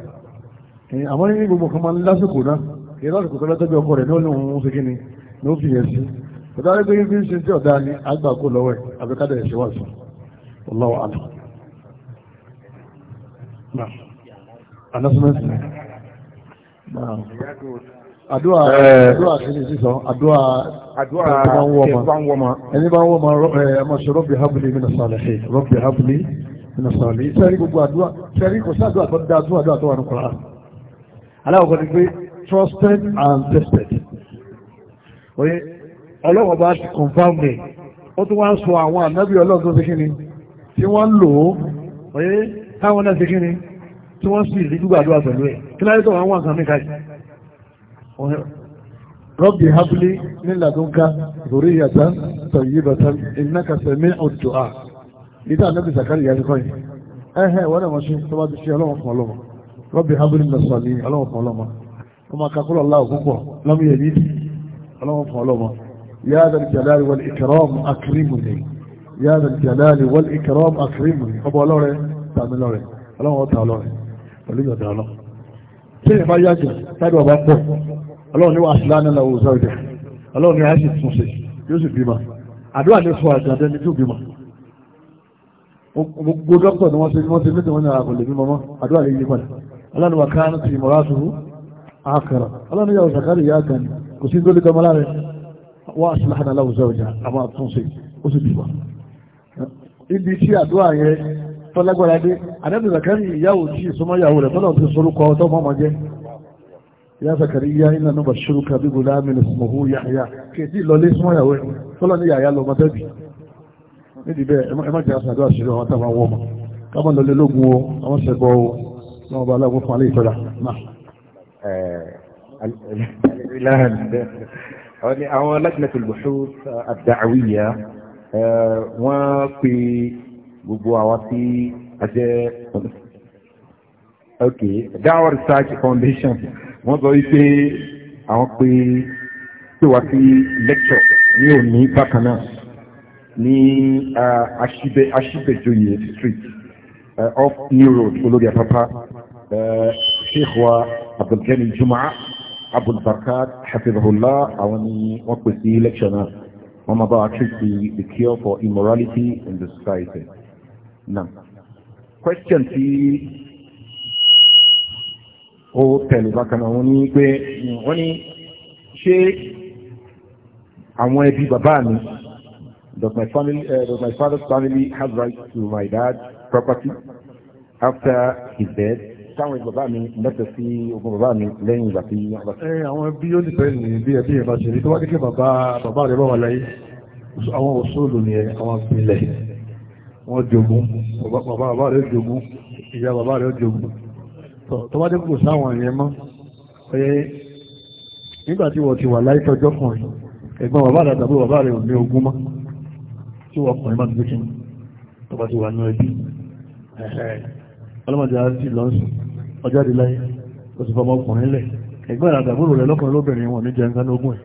S2: àmọ́ ní gbogbo kan máa ń lásìkò náà kì í lásìkò tó lọ́jọ́ bí ọkọ rẹ̀ ní òun ń ṣe kíni ní ó fi yẹn sí tó dájú pé ní fi ń ṣe tí ọ̀dà ni àgbà kó lọ́wọ́ ẹ̀ àbíkádà ẹ̀ ṣe wà sí Allahu a'lam. Announcement. Now.
S3: Eh. àdúrà àdúrà kí
S2: ni sísọ àdúrà àdúrà ẹ̀fánwọ́mà ẹni bá ń wọ́mà ẹmọ eh, ṣe rọ́bì hábùlì mí nàṣàlẹ̀ rọ́bì hábùlì mí nàṣàlẹ̀ sẹ́rí gbogbo àdúrà sẹ́rí kò sí àdúrà tó dá àdúrà àdúrà tó wà ní kọ́ra aláwọ̀kọ́ ni pé trusted and tested oye ọlọ́wọ́ bá ti confirm me ó tún wá ń sọ àwọn ànábì ọlọ́run tó ṣe kí ni tí wọ́n lò ó oye táwọn náà ṣe kí ni tí wọ́n sì rí gbogbo àdúrà pẹ̀lú ẹ̀ kí láyé tó wọn wà nǹkan mí káyìí ربي هب لي من لدنك ذرية طيبة إنك سميع الدعاء إذا النبي زكريا يقول ẹ̀hẹ́ wọ́n mọ̀ ṣe tó bá ti ṣe ọlọ́wọ́ fún ọlọ́wọ́ rọ́bì habrin nasali ọlọ́wọ́ fún ọlọ́wọ́ wọ́n máa kakúrò aláwọ̀ púpọ̀ lọ́mú yẹ̀ nídìí ọlọ́wọ́ fún ọlọ́wọ́ yáàdàl jalali wal ikram akrimuni yáàdàl jalali wal ikram akrimuni ọba ọlọ́rẹ tàbí lọ́rẹ ọlọ́wọ́ ta ọlọ́rẹ ọlọ́run ní wà sílánà lọ́wọ́ sọ́ọ̀dẹ̀ ọlọ́run ní àìsí tún ṣe yóò sì bímọ àdúrà ní fún àjàdẹ́ ní tó bímọ gbogbo dókítà ni wọ́n ṣe wọ́n ṣe mẹ́ta wọn ní àkọlẹ̀ mímọ́ mọ́ àdúrà lè yí padà ọlọ́run wà káánù ti mọ̀rá tuhu àkàrà ọlọ́run yà òṣàkárì yà kan kò sí nítorí kan mọ́lára wà sílánà lọ́wọ́ sọ́ọ̀dẹ̀ àmọ́ tún ṣe ó sì bímọ ibi tí àdúrà yẹn tọ́lágbára dé àdẹ́bùzàkárì ìyàwó tí ìsọmọ́yàwó rẹ̀ tọ́lọ́ ya Zakariya iná ní bashiruka bí gulamin ismuhu Yahya kìí lọlé súnmọ́ ìyàwó ẹ̀ tọ́lọ́ ní yàyà lọ́mọ tẹ́bì nídìí bẹ́ẹ̀ ẹ má jẹ́ àṣàdó àṣírí àwọn táwọn wọ́n mọ̀ ká má lọlé lógun o àwọn ṣẹ̀bọ̀ o lọ́wọ́ bá aláwọ̀ fún alẹ́ ìtọ́ra náà.
S1: àwọn lajnatul buhuth ad-da'wiyya wọ́n pe gbogbo àwọn tí a jẹ́ ok Da'wa Research Foundation wọ́n sọ wípé àwọn pé pé wá sí lẹ́kṣọ̀ ní òní bákan náà ní aṣíbẹ̀jọyè street off new road olórí apapa sheikh wa abdulgani jumaa abdulbarkat hafizahullah àwọn ni wọ́n pè sí lẹ́kṣọ̀ náà wọ́n máa bá wa treat the, the cure for immorality in the society. Now, question tí ó tẹ̀lé bákanáà wọ́n ní pé wọ́n ní ṣé àwọn ẹbí bàbá mi does my family uh, does my father's family have right to my dad's property after his death táwọn ẹbí bàbá mi lẹ́tọ̀ sí ogún bàbá mi lẹ́yìn ìgbà tí wọ́n bá.
S2: ẹ eh, àwọn ẹbí ó dìbẹ́ ní bí ẹbí yẹn bá ṣe rí tó wá kékeré bàbá bàbá rẹ bá wà láyé àwọn òṣòlù ni àwọn ìpìlẹ̀ wọ́n jogún bàbá rẹ jogún ìyá bàbá rẹ jogún tó bá dé kò sáwọn ìyẹn mọ́ ọyẹ nígbà tí wọ́n ti wà láì tọ́jọ́ kan yìí ẹ̀gbọ́n bàbá rẹ̀ tàbí bàbá rẹ̀ ò ní ogún mọ́ tí wọ́n kùnrin bá ti gbé kíni tó bá ti wà ní ẹbí ọlọ́mọdé àti lọ́sùn ọjọ́ àdé láyé ó sì fọmọ ọkùnrin lẹ̀ ẹ̀gbọ́n rẹ̀ àtàbúrò rẹ̀ lọ́kùnrin lóbìnrin wọn ní jẹ́ nǹkan ogún ẹ̀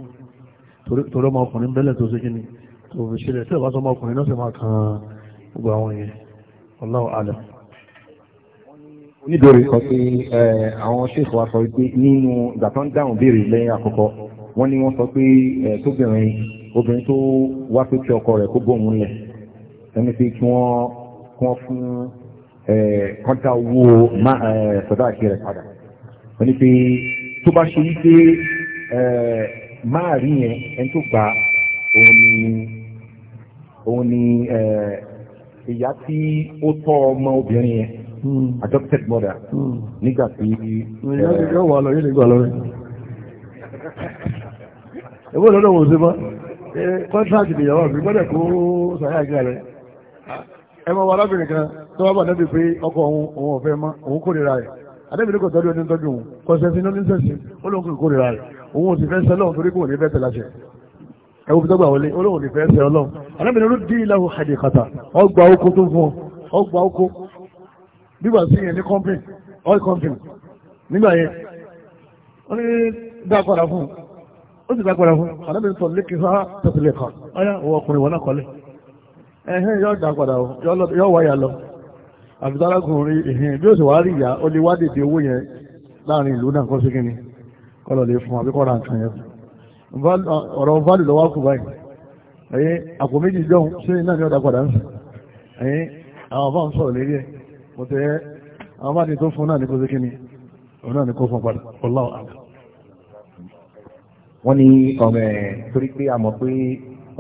S2: torí ọmọ ọkùnrin bẹ́lẹ̀ tó ṣe kíni tó
S1: fi ṣẹlẹ̀ tí ọba alam nítorí kan pé àwọn ṣèṣù wa sọ pé nínú ìgbà tó ń dáhùn béèrè lẹ́yìn àkọ́kọ́ wọ́n ní wọ́n sọ pé tóbìnrin obìnrin tó wá pé kí ọkọ rẹ̀ kó bóun lẹ̀ ẹni pé kí wọ́n fún kọ́ńtà owó sọ̀dá àti rẹ̀ padà wọ́n pé tó bá ṣe wípé máa rí yẹn ẹni tó gbà òun ni òun ni ìyá tí ó tọ́ ọmọ obìnrin yẹn. Hmm. adopted mother hmm. nígbà tí. Hmm.
S2: Eh, yóò wà lọ yóò lè gbà lọ rẹ. èwo lọ́dọ̀ wò ó ṣe mọ́ kọ́ńtàkì eh, nìyàwó mi gbọ́dọ̀ kó sàyà gíga rẹ̀ ẹ mọ arábìnrin kan tó wá bà nábì pé ọkọ òun òun ọ̀fẹ́ mọ́ òun kórìíra rẹ̀ adébìnrin kò tọ́jú ẹni tọ́jú òun kọ̀ọ̀sẹ̀sìn ló ní sẹ̀sìn ó lóun kò kórìíra rẹ̀ òun ò sì fẹ́ sẹ́lọ̀ torí kò ní fẹ́ tẹ̀lá ṣẹ̀ ẹwọ́ fi tọ́gbà wọlé olóhùn ní fẹ́ ṣe ọlọ́run arábìnrin ló dín ìlàwọ̀ àdìkàtà ọgbà oko tó fún ọ ọgbà oko bíbà sí yẹn ní company oil company nígbà yẹn ó ní dá padà fún ó sì dá padà fún àdábì sọ lékè sá tẹsílẹ̀ kan ọyá òwò ọkùnrin wọn náà kọ́lé ẹ̀hẹ́n yóò dá padà yóò wáyà lọ àfitárákùnrin ìhìn bí ó sì wá rí ìyá ó lè wá dèdè owó yẹn láàrin ìlú náà kọ́ sí kíni kọ́lọ̀ lè fún àbíkọ́ ra nǹkan yẹn ọ̀rọ̀ válù lọ́wọ́ kù báyìí ẹ̀yìn àpò méjì jọun sí iná ní ọ̀dà padà ń sìn ẹ̀yìn àwọn bá ń sọ̀rọ̀ lérí ẹ̀ kò tẹ́ àwọn bá ti tó fún náà ní kó sí kí ni òun náà ní kó fún padà ọláwọ̀ àgbà.
S1: wọ́n ní ọmọ ẹ̀ torí pé a mọ̀ pé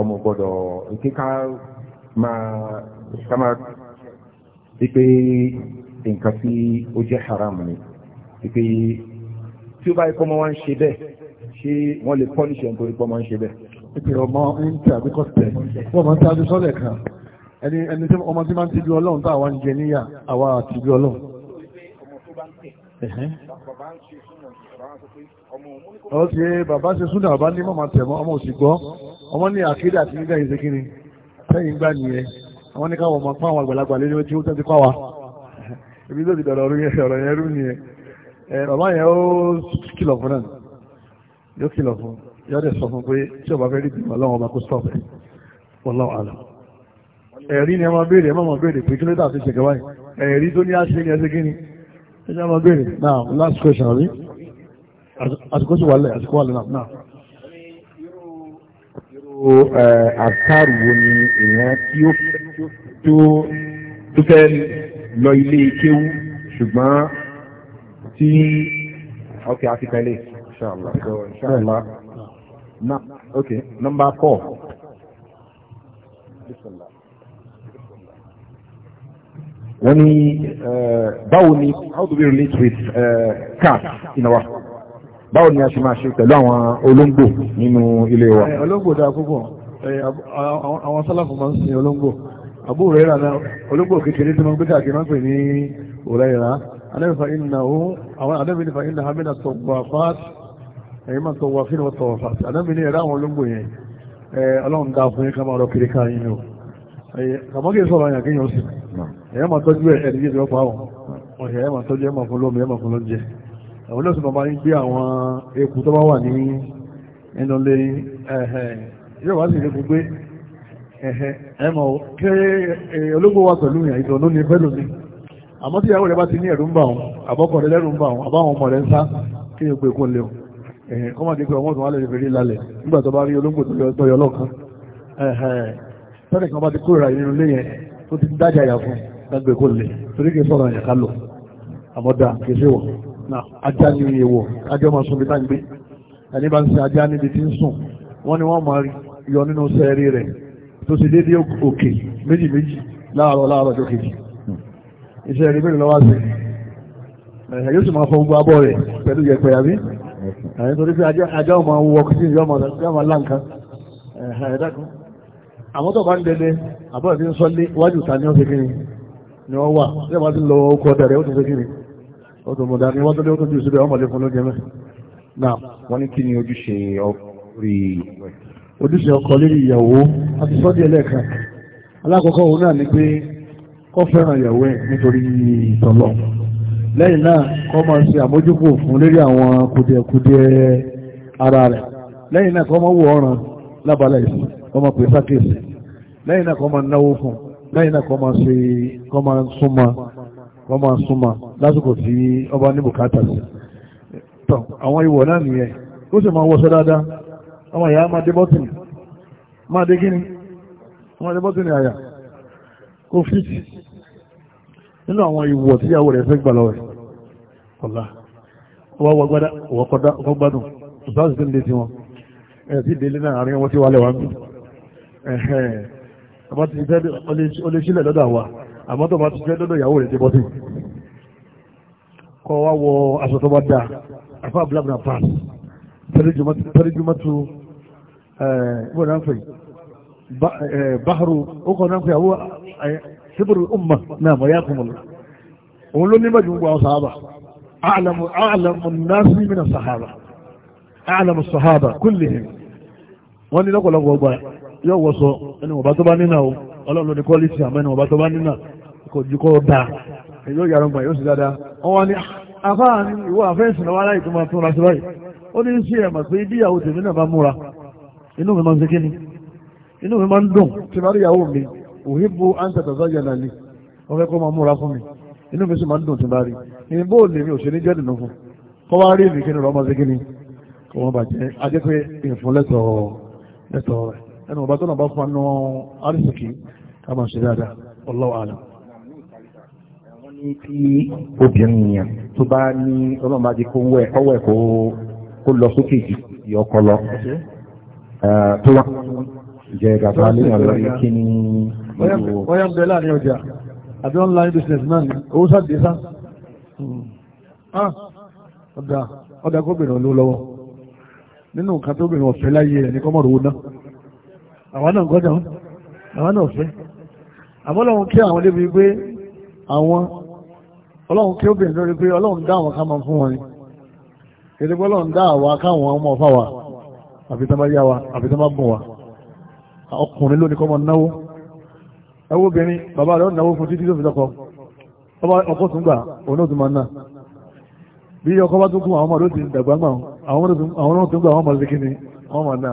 S1: ọmọ gbọ́dọ̀ ìké ká máa wípé nǹkan tí ó jẹ́ haram ni wípé tí ó bá ikọ́ mọ́ wá ń ṣe bẹ́ẹ̀ ṣé wọ́n lè pọ́nìṣẹ́ nítorí pọ́ mọ́ ń ṣe bẹ́ẹ̀. ìpèrè ọmọ ń tẹ̀ àbíkọ́
S2: wọ́n mọ̀ ń tẹ̀ àbísọ́lẹ̀ kan ẹni ẹni tí ọmọ tí máa ń tijú ọlọ́run tá àwọn jẹ níyà àwa tijú ọlọ́run. ọ ti bàbá ṣe súnà bàbá ní mọ̀mọ́ tẹ̀mọ́ ọmọ òsì gbọ́ ọmọ ní àkéde àti nígbà yìí sékiri sẹ́yìn gbà nìyẹn àwọn ní káwọn ọmọ fáwọn àgbàlagbà lé níwájú ó tẹ́tí kọ́ wa ibi tó ti dọ̀rọ̀ ọ̀rọ̀ yẹn rú nìyẹn bàbá yẹn ó kìlọ̀ fún náà yóò kìlọ̀ fún yọ́dẹ̀ sọ fún pé tí ọba fẹ́ rí bímọ ọlọ́run ọba kó stop ẹ̀ ẹ̀rí ni ẹmọ béèrè ẹmọ béèrè pé kílódé àti wáyé ẹ̀rí tó ní àṣẹ ní ẹsẹ̀ kíni ẹjọ́ ọmọ béèrè now last question rí àsìkò sí
S1: wàlẹ̀ àsìkò wàlẹ̀ náà náà. irú àtàrù wo ni èèyàn tí ó tó fẹ́ lọ ilé kéwú ṣùgbọ́n tí ok àti tẹ̀lé inshallah so ok number four. wọ́n ní báwo how do we relate with uh, cats in our báwo ni a ṣe máa ṣe pẹ̀lú àwọn olóńgbò nínú ilé wa.
S2: olóńgbò dáa púpọ̀ àwọn sálàfù máa ń sin olóńgbò àbúrò rẹ̀ rà olóńgbò kékeré tí wọ́n gbé káàkiri máa ń pè ní òrẹ́ra alẹ́bìfà iná òun àwọn alẹ́bìfà iná hamina tọ̀wàfáàtì ẹ̀yìn máa tọ̀wàfínà tọ̀wàfáàtì alẹ́bìfà iná àwọn olóńgbò yẹn ọlọ́run dáa fún yín ká máa rọ kiri Eh, kàmọ́kì sọ̀rọ̀ àyàn kéèyàn sí ẹ̀yẹ́ máa tọ́jú ẹ̀ ẹ̀dí yé ọ̀pá wọn ọ̀hẹ̀ ẹ̀yẹ́ máa tọ́jú ẹ̀ máa fún lómi ẹ̀ máa fún lóúnjẹ àwọn olóòsùn máa ń gbé àwọn eku tó bá wà ní ẹnu lé yóò wá sí eku gbé ẹ̀ mọ̀ kí ológbò wa pẹ̀lú yàn ìdùnnú ni pẹ̀lú mi àmọ́ tí ìyàwó rẹ̀ bá ti ní ẹ̀rù ń bà wọn àbọ́kọ̀ rẹ̀ lẹ́rù ń bà wọn àbáwọn ọmọ rẹ̀ ń sá kí ni pé kó lè o kọ́mọdé pé ọmọ tó wà lè rí lálẹ̀ nígbà tó bá tọ́lẹ̀ kan bá ti kórìíra nínú ilé tó ti dájà yà fún gbàgbé kó lè torí kì í sọ̀rọ̀ àyàká àmọ́dá kì wọ̀ náà ajá ní ìwọ̀ ajá máa sùn bí ẹni bá ń sin ajá níbi tí ń sùn wọ́n wọ́n máa yọ nínú sẹ́ẹ̀rí rẹ̀ tó ti dédé òkè méjì méjì láàárọ̀ láàárọ̀ tó kejì iṣẹ́ rí bẹ́ẹ̀ lọ́wọ́ sí ẹ̀yà yóò sì máa fọ gbogbo abọ́ rẹ̀ pẹ̀lú yẹpẹ̀ àbí àmọ́ tó bá ń dẹdẹ àbọ̀ tí ń sọ́lé iwájú ta ní ọ́ kékeré ni wọ́n wà tí wọ́n lọ ọkọ̀ ọ̀dẹ̀rẹ̀ ó tún kékeré ó tún mọ̀dá ni wọ́n tó lé ó tún jù síbẹ̀ ọmọdé fún lóúnjẹ mẹ́. náà wọ́n ní kí ni ojúṣe orí ojúṣe ọkọ lérí ìyàwó àti sọ́dí ẹlẹ́ẹ̀kan alákọ̀ọ́kọ́ òun náà ni pé kó fẹ́ràn ìyàwó ẹ̀ nítorí ìtọ̀lọ́ lẹ́yìn náà kó máa ṣe àmójúkò fún lérí àwọn kùdìẹ̀kùdìẹ̀ ara rẹ̀ lẹ́yìn náà kó máa wò ọ̀ràn lábala ìsìn kó máa pè sákèsì lẹ́yìn náà kọ́ máa náwó fún lẹ́yìn náà kọ́ máa ṣe kọ́ máa súnmọ́ kọ́ máa súnmọ́ lásìkò tí ọba ní bùkátà sí tọ́ àwọn ìwọ̀ náà nìyẹn ó sì máa wọṣọ dáadáa ọmọ ìyá máa dé bọ́tìnì máa dé kíni máa dé bọ́tìnì àyà kó fíìtì nínú àwọn ìwọ̀ tíyàwó rẹ̀ fẹ́ gbà lọ́wọ́ rẹ̀ ọ̀la wọ́n wọ́n gbádá wọ́n gbádùn ń lé tiwọn ẹ̀ sì délé náà àárín tí wàá lẹ̀ wá ń àmọ́ ti fẹ́ a lè sílẹ̀ lọ́dọ̀ a àmọ́ tó bá ti fẹ́ lọ́dọ̀ ìyàwó rẹ̀ ti bọ́tì kọ́ wá wọ aṣọ tó bá dáa àfa blabla pass tẹ́lẹ̀jùmọ́ tu ìwọ náà fẹ́ náà fẹ́ àwọ síbùrù náà mọ̀ yá òun ló ní gbogbo àwọn àlàmù mìíràn àlàmù wọ́n ní lọ́kọ̀lọ́kọ̀ gbogbo yóò wọ̀sọ ẹni wọ̀bá tó bá nínà o ọlọ́run ní kọ́lísì àmọ́ ẹni wọ̀bá tó bá nínà kò jù kọ́ da yóò yàrá ọgbà yóò sì dáadáa wọ́n wá ní afáà ní ìwọ àfẹ́sì náà wá láì tó máa tún ra sí báyìí ó ní sí ẹ̀mà pé bí ìyàwó tèmi náà bá múra inú mi máa ń ṣe kíni inú mi máa ń dùn tí bá rí ìyàwó mi òhìbù àǹtàtàzá yànnà ni wọ́n fẹ́ kó máa múra fún mi inú mi sì máa ń dùn tí bá rí ní bó lè mi ò ṣe ní jẹ́ dùnú fún kọ́ wá rí mi kíni rọ́mọ́ ṣe kíni kọ́ wọ́n bàjẹ́ ajẹ́ pé ìfúnlẹ́tọ̀ọ́ lẹ́tọ̀ọ́ rẹ̀ ẹnu ọba tọ́nà bá fún anú arísìkì ká máa ṣe dáadáa Allahu a'lam.
S4: wọ́n ní
S1: tí obìnrin yẹn tó bá ní ọlọ́run bá ti kó wẹ̀ ọwọ́ ẹ̀ kó lọ sókè ju ọkọ lọ tó wá jẹ gàtà lẹ́yìn ọ̀rọ̀
S2: kí
S4: ni. wọ́n
S2: yà ń bẹ láàrin ọjà àbí online business náà ni owó sáàdì sá hmm. ah, ọ̀dà ọ̀dà kóbìnrin ló lọ́wọ́ nínú nǹkan tóbìnrin ọ̀fẹ́ láyé ẹ̀ ní kọ́mọ̀rọ̀ owó náà àwọn náà gọ́dọ̀ àwọn náà fẹ́ àmọ́ ọlọ́run kí àwọn débi pé àwọn ọlọ́run kí obìnrin lórí pé ọlọ́run dá àwọn ká máa fún wọn ni kéde pé ọlọ́run dá àwa káwọn ọmọ ọ̀fà wa àfi tán bá yá wa àfi tán bá gùn wa ọkùnrin lónìí kọ́ máa náwó ẹwọ́ obìnrin bàbá rẹ̀ ó náwó fún títí tó fi lọ́kọ ọkọ tún gbà òun náà tún máa ná bí ọkọ bá tún kún àwọn ọmọ ló ti dàgbà mọ́ àwọn náà tún gbà àwọn ọmọ lókè ni wọ́n máa ná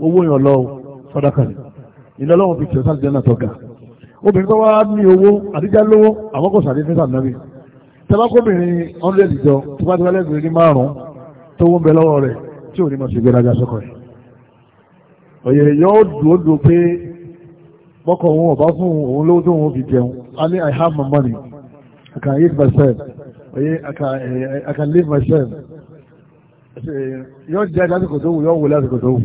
S2: owó yàn lọ sọ́dákàlì ilẹ̀ ọlọ́run fi tẹ̀sán jẹ́ náà tọ́ka obìnrin tó wá ní owó àdíjá lówó àwọn kò sàdé nígbà náà rí tẹ́lákọ́bìnrin ìjọ tó bá ti ní márùn-ún tó wọ́n bẹ lọ́wọ́ rẹ̀ tí ò ní mọ̀ sí ìgbéraga sọ́kọ̀ rẹ̀ òye yóò dúró dúró pé bọ́kọ̀ òun ọ̀bá fún òun lówó tó òun fi jẹun a ní i have my money i can eat myself òye eh, i can live myself yóò jẹ́ lásìkò tó wù yóò wù lásìkò tó wù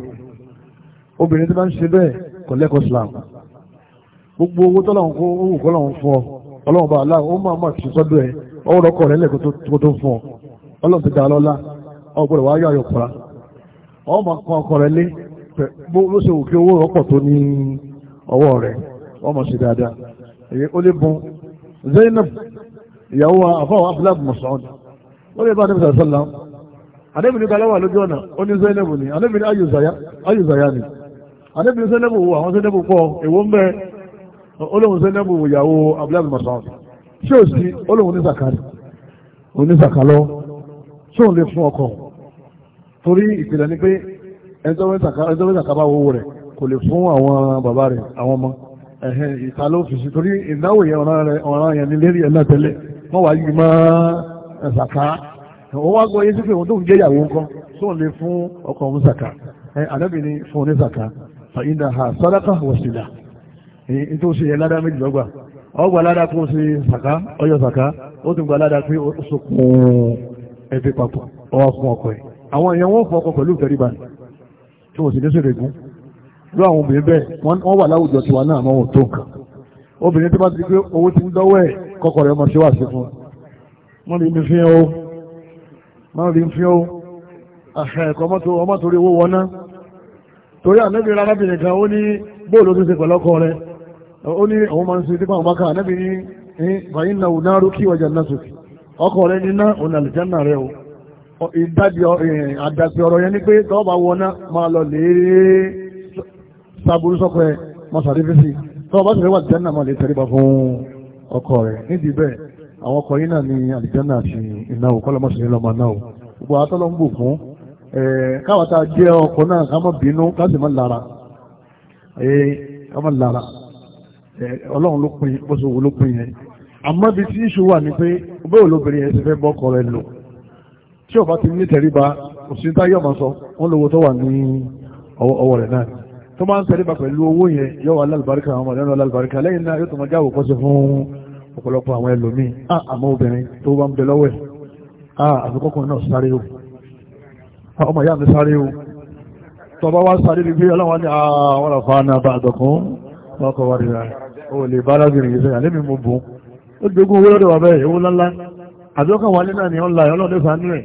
S2: obìnrin tó bá ń ṣe bẹ́ẹ̀ kò lẹ́kọ̀ọ́ Islam gbogbo owó tọ́lọ́hún kó owó kọ́lọ́hún fún ọ ọlọ́run bá aláà ó máa máa ti sọ́dọ̀ ẹ ọwọ́ rọ́kọ̀ rẹ̀ lẹ́kọ̀ọ́ tó tó fún ọ ọlọ́run ti dà lọ́lá ọgbọ̀rọ̀ wáyé ayọ̀kọ̀ra ọwọ́ máa kọ́ ọkọ̀ rẹ̀ lé bó ṣe wù kí owó rọ́pọ̀ tó ní ọwọ́ rẹ̀ wọ́n mọ̀ sí dáadáa lójú ọ̀nà ó ní Zainab ní anabi ní ni àdébìnrin sẹ́lẹ̀bù àwọn sẹ́lẹ̀bù pọ̀ èwo ń bẹ olóhùn sẹ́lẹ̀bù ìyàwó abúlé masoud ṣé ò sí olóhùn ní sàkárì òní sàkálọ́ ṣé òun lè fún ọkọ torí ìpìlẹ̀ ni pé ẹjọ́ sàkábà owó rẹ̀ kò lè fún àwọn bàbá rẹ̀ àwọn ọmọ ẹ̀hẹ́n ìta ló fi sí torí ìdáwò yẹn ọ̀ràn yẹn ní lérí ẹ̀ náà tẹ́lẹ̀ wọ́n wá yìí máa ẹ̀sàká wọ́n wá gbọ́ yé sí pé òun tó ń jẹ́ ìyàwó ńkọ́ tó ń lè fún ọkọ òun sàká ẹ̀ àdẹ́bìnrin fún òun ní sàká fàyínà ha sàdákà wọ̀sílà èyí tó ṣe ládá méjì lọ́gbà ọgbà ládá kó ṣe sàká ọyọ sàká o tún gba ládá pé ó sokùn ẹbí papọ̀ ọwọ́ fún ọkọ ẹ̀ àwọn èèyàn wọ́n fọkọ pẹ̀lú ìfẹ́ríbà tí wọ́n sì ní sèrè gún lọ àwọn obìnrin bẹ́ẹ̀ wọ́n wà láwùjọ tiwa náà mọ́ tó nǹkan obìnrin tó bá ti pé owó ti ń dọ́wọ́ ẹ̀ kọ́kọ́ rẹ̀ ọmọ ṣe wà sí fún wọn rí mi fi hàn ó wọn rí mi fi hàn ó àṣà ẹ̀kọ́ ọmọ torí owó torí ànábì arábìnrin kan ó ní bóòlù tó ṣe pẹ̀lú ọkọ rẹ̀ ó ní òun máa ń ṣe dípò àwọn máka ànábì ní bàyí na òun náà rókì ọjà náà sókè ọkọ rẹ̀ ní náà òun àlùjáná rẹ̀ o ìdádi àdàpẹ̀ ni pé tọ́ bá máa lọ lè Saburu sọ́kọ ẹ̀ máa sàrífẹ́sì tọ́ bá sì rẹ̀ wà àlùjáná máa lè fún ọkọ rẹ̀ nídìí bẹ́ẹ̀ àwọn ọkọ yìí náà ní àti ìnáwó ní lọ́mọ náà gbogbo àtọ́lọ́ ń bù káwàtà jẹ́ ọkọ̀ náà ká má bínú ká sì má lára ká má lára ọlọ́run ló pin bó ṣe wò ló pin yẹn àmọ́ bí tí ìṣù wà ní pé bóyá olóbìnrin yẹn ti fẹ́ bọ́ ọkọ rẹ̀ lò tí ọba ti ní tẹríba òsín tá yọ̀mọ̀ sọ wọ́n lówó tó wà ní ọwọ́ rẹ̀ náà tó máa ń tẹríba pẹ̀lú owó yẹn yọ wà lálùbáríkà àwọn ọmọdé lálùbáríkà lẹ́yìn náà yóò tó máa jáwò kọ́sí fún ọ̀pọ̀lọpọ̀ àwọn ẹlòmíì ah, àmọ́ obìnrin tó bá ń bẹ lọ́wọ́ ẹ̀ ah, àfikọ́kùnrin náà sáré o Ah, ọmọ ìyá mi sáré o tọba wá sáré bí ọlọ́wọ́ ní àwọn ah, àfáà náà bá àdọ̀kún lọ́kọ̀ wà rírà ah, o lè bá arábìnrin yìí sẹ́yà lẹ́mí mo bò ó gbogbo owó lọ́dọ̀ wà bẹ́ẹ̀ owó lálá àdọ́kàn wà nínà ní ọ̀la ọlọ́dẹ sánú ẹ̀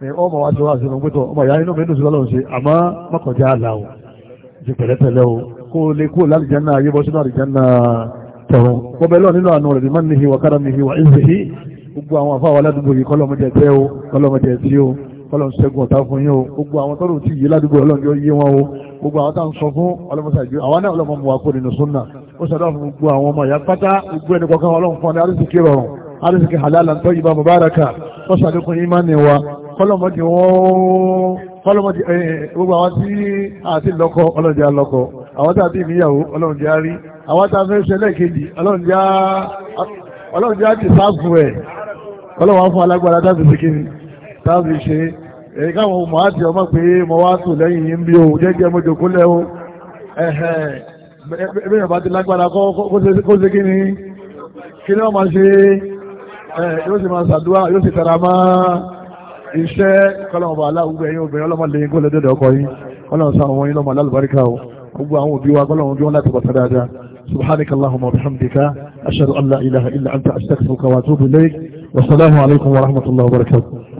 S2: ni ọmọ wa ti wá sí ọgbẹ́tọ̀ ọmọ ìyá inú mi dùn sí ọlọ́run ṣe àmọ́ mọ́kànjá àlà o ti pẹ̀lẹ́pẹ̀lẹ́ o gbogbo àwọn àfáwà aládùúgbò yìí kọ́lọ́mọdé tẹ́ o kọ́lọ́mọdé tí o kọ́lọ̀ ń ṣẹ́gun ọ̀tá fún yín o gbogbo àwọn tọ́lọ̀ tí yìí ládùúgbò ọlọ́run yóò yé wọn o gbogbo àwọn tá à ń sọ fún ọlọ́mọṣàjú àwọn náà ọlọ́mọ mu wa kó nínú súnà ó ṣàdá fún gbogbo àwọn ọmọ ìyá pátá gbogbo ẹni kọ̀ọ̀kan ọlọ́run fún ọ ní arísìkí rọrùn arísìkí halalan tayyiba mubaraka ó ṣàdékùn ìmánì wa kọ́lọ́mọdé wọ́n kọ́lọ́mọdé gbogbo àwọn tí àti lọ́kọ ọlọ́run jẹ́ alọ́kọ àwọn tí àti ìníyàwó ọlọ́run jẹ́ arí àwọn tí a fẹ́ ṣẹlẹ̀ kejì ọlọ́run jẹ́ àti sáàfù ẹ̀ ọlọ́run wá fún alágbára tábìlì kejì tábìlì ṣe èyí káwọn ọmọ àti ọmọ pé mo wá tò lẹ́yìn yìí ń bí o jẹ́jẹ́ mo jòkó lẹ́ o ẹ̀hẹ́ ẹ̀bá ti lágbára kó ṣe kí ni kí ni wọ́n máa ṣe yóò sì máa ṣàdúrà yóò sì tara mọ́ iṣẹ́ kọ́lọ́mọba aláwùgbẹ́ yín obìnrin ọlọ́mọ lẹ́yìn kó lẹ́dọ̀dọ̀ ọkọ yín kọ́lọ́mọ sáwọn wọn yín lọ́mọ alálùbáríkà o gbogbo àwọn òbí wa kọ́lọ́mọ bí wọ́n láti bọ̀tá dáadáa سبحانك اللهم وبحمدك أشهد أن لا إله إلا أنت أستغفرك وأتوب إليك والسلام عليكم ورحمة الله وبركاته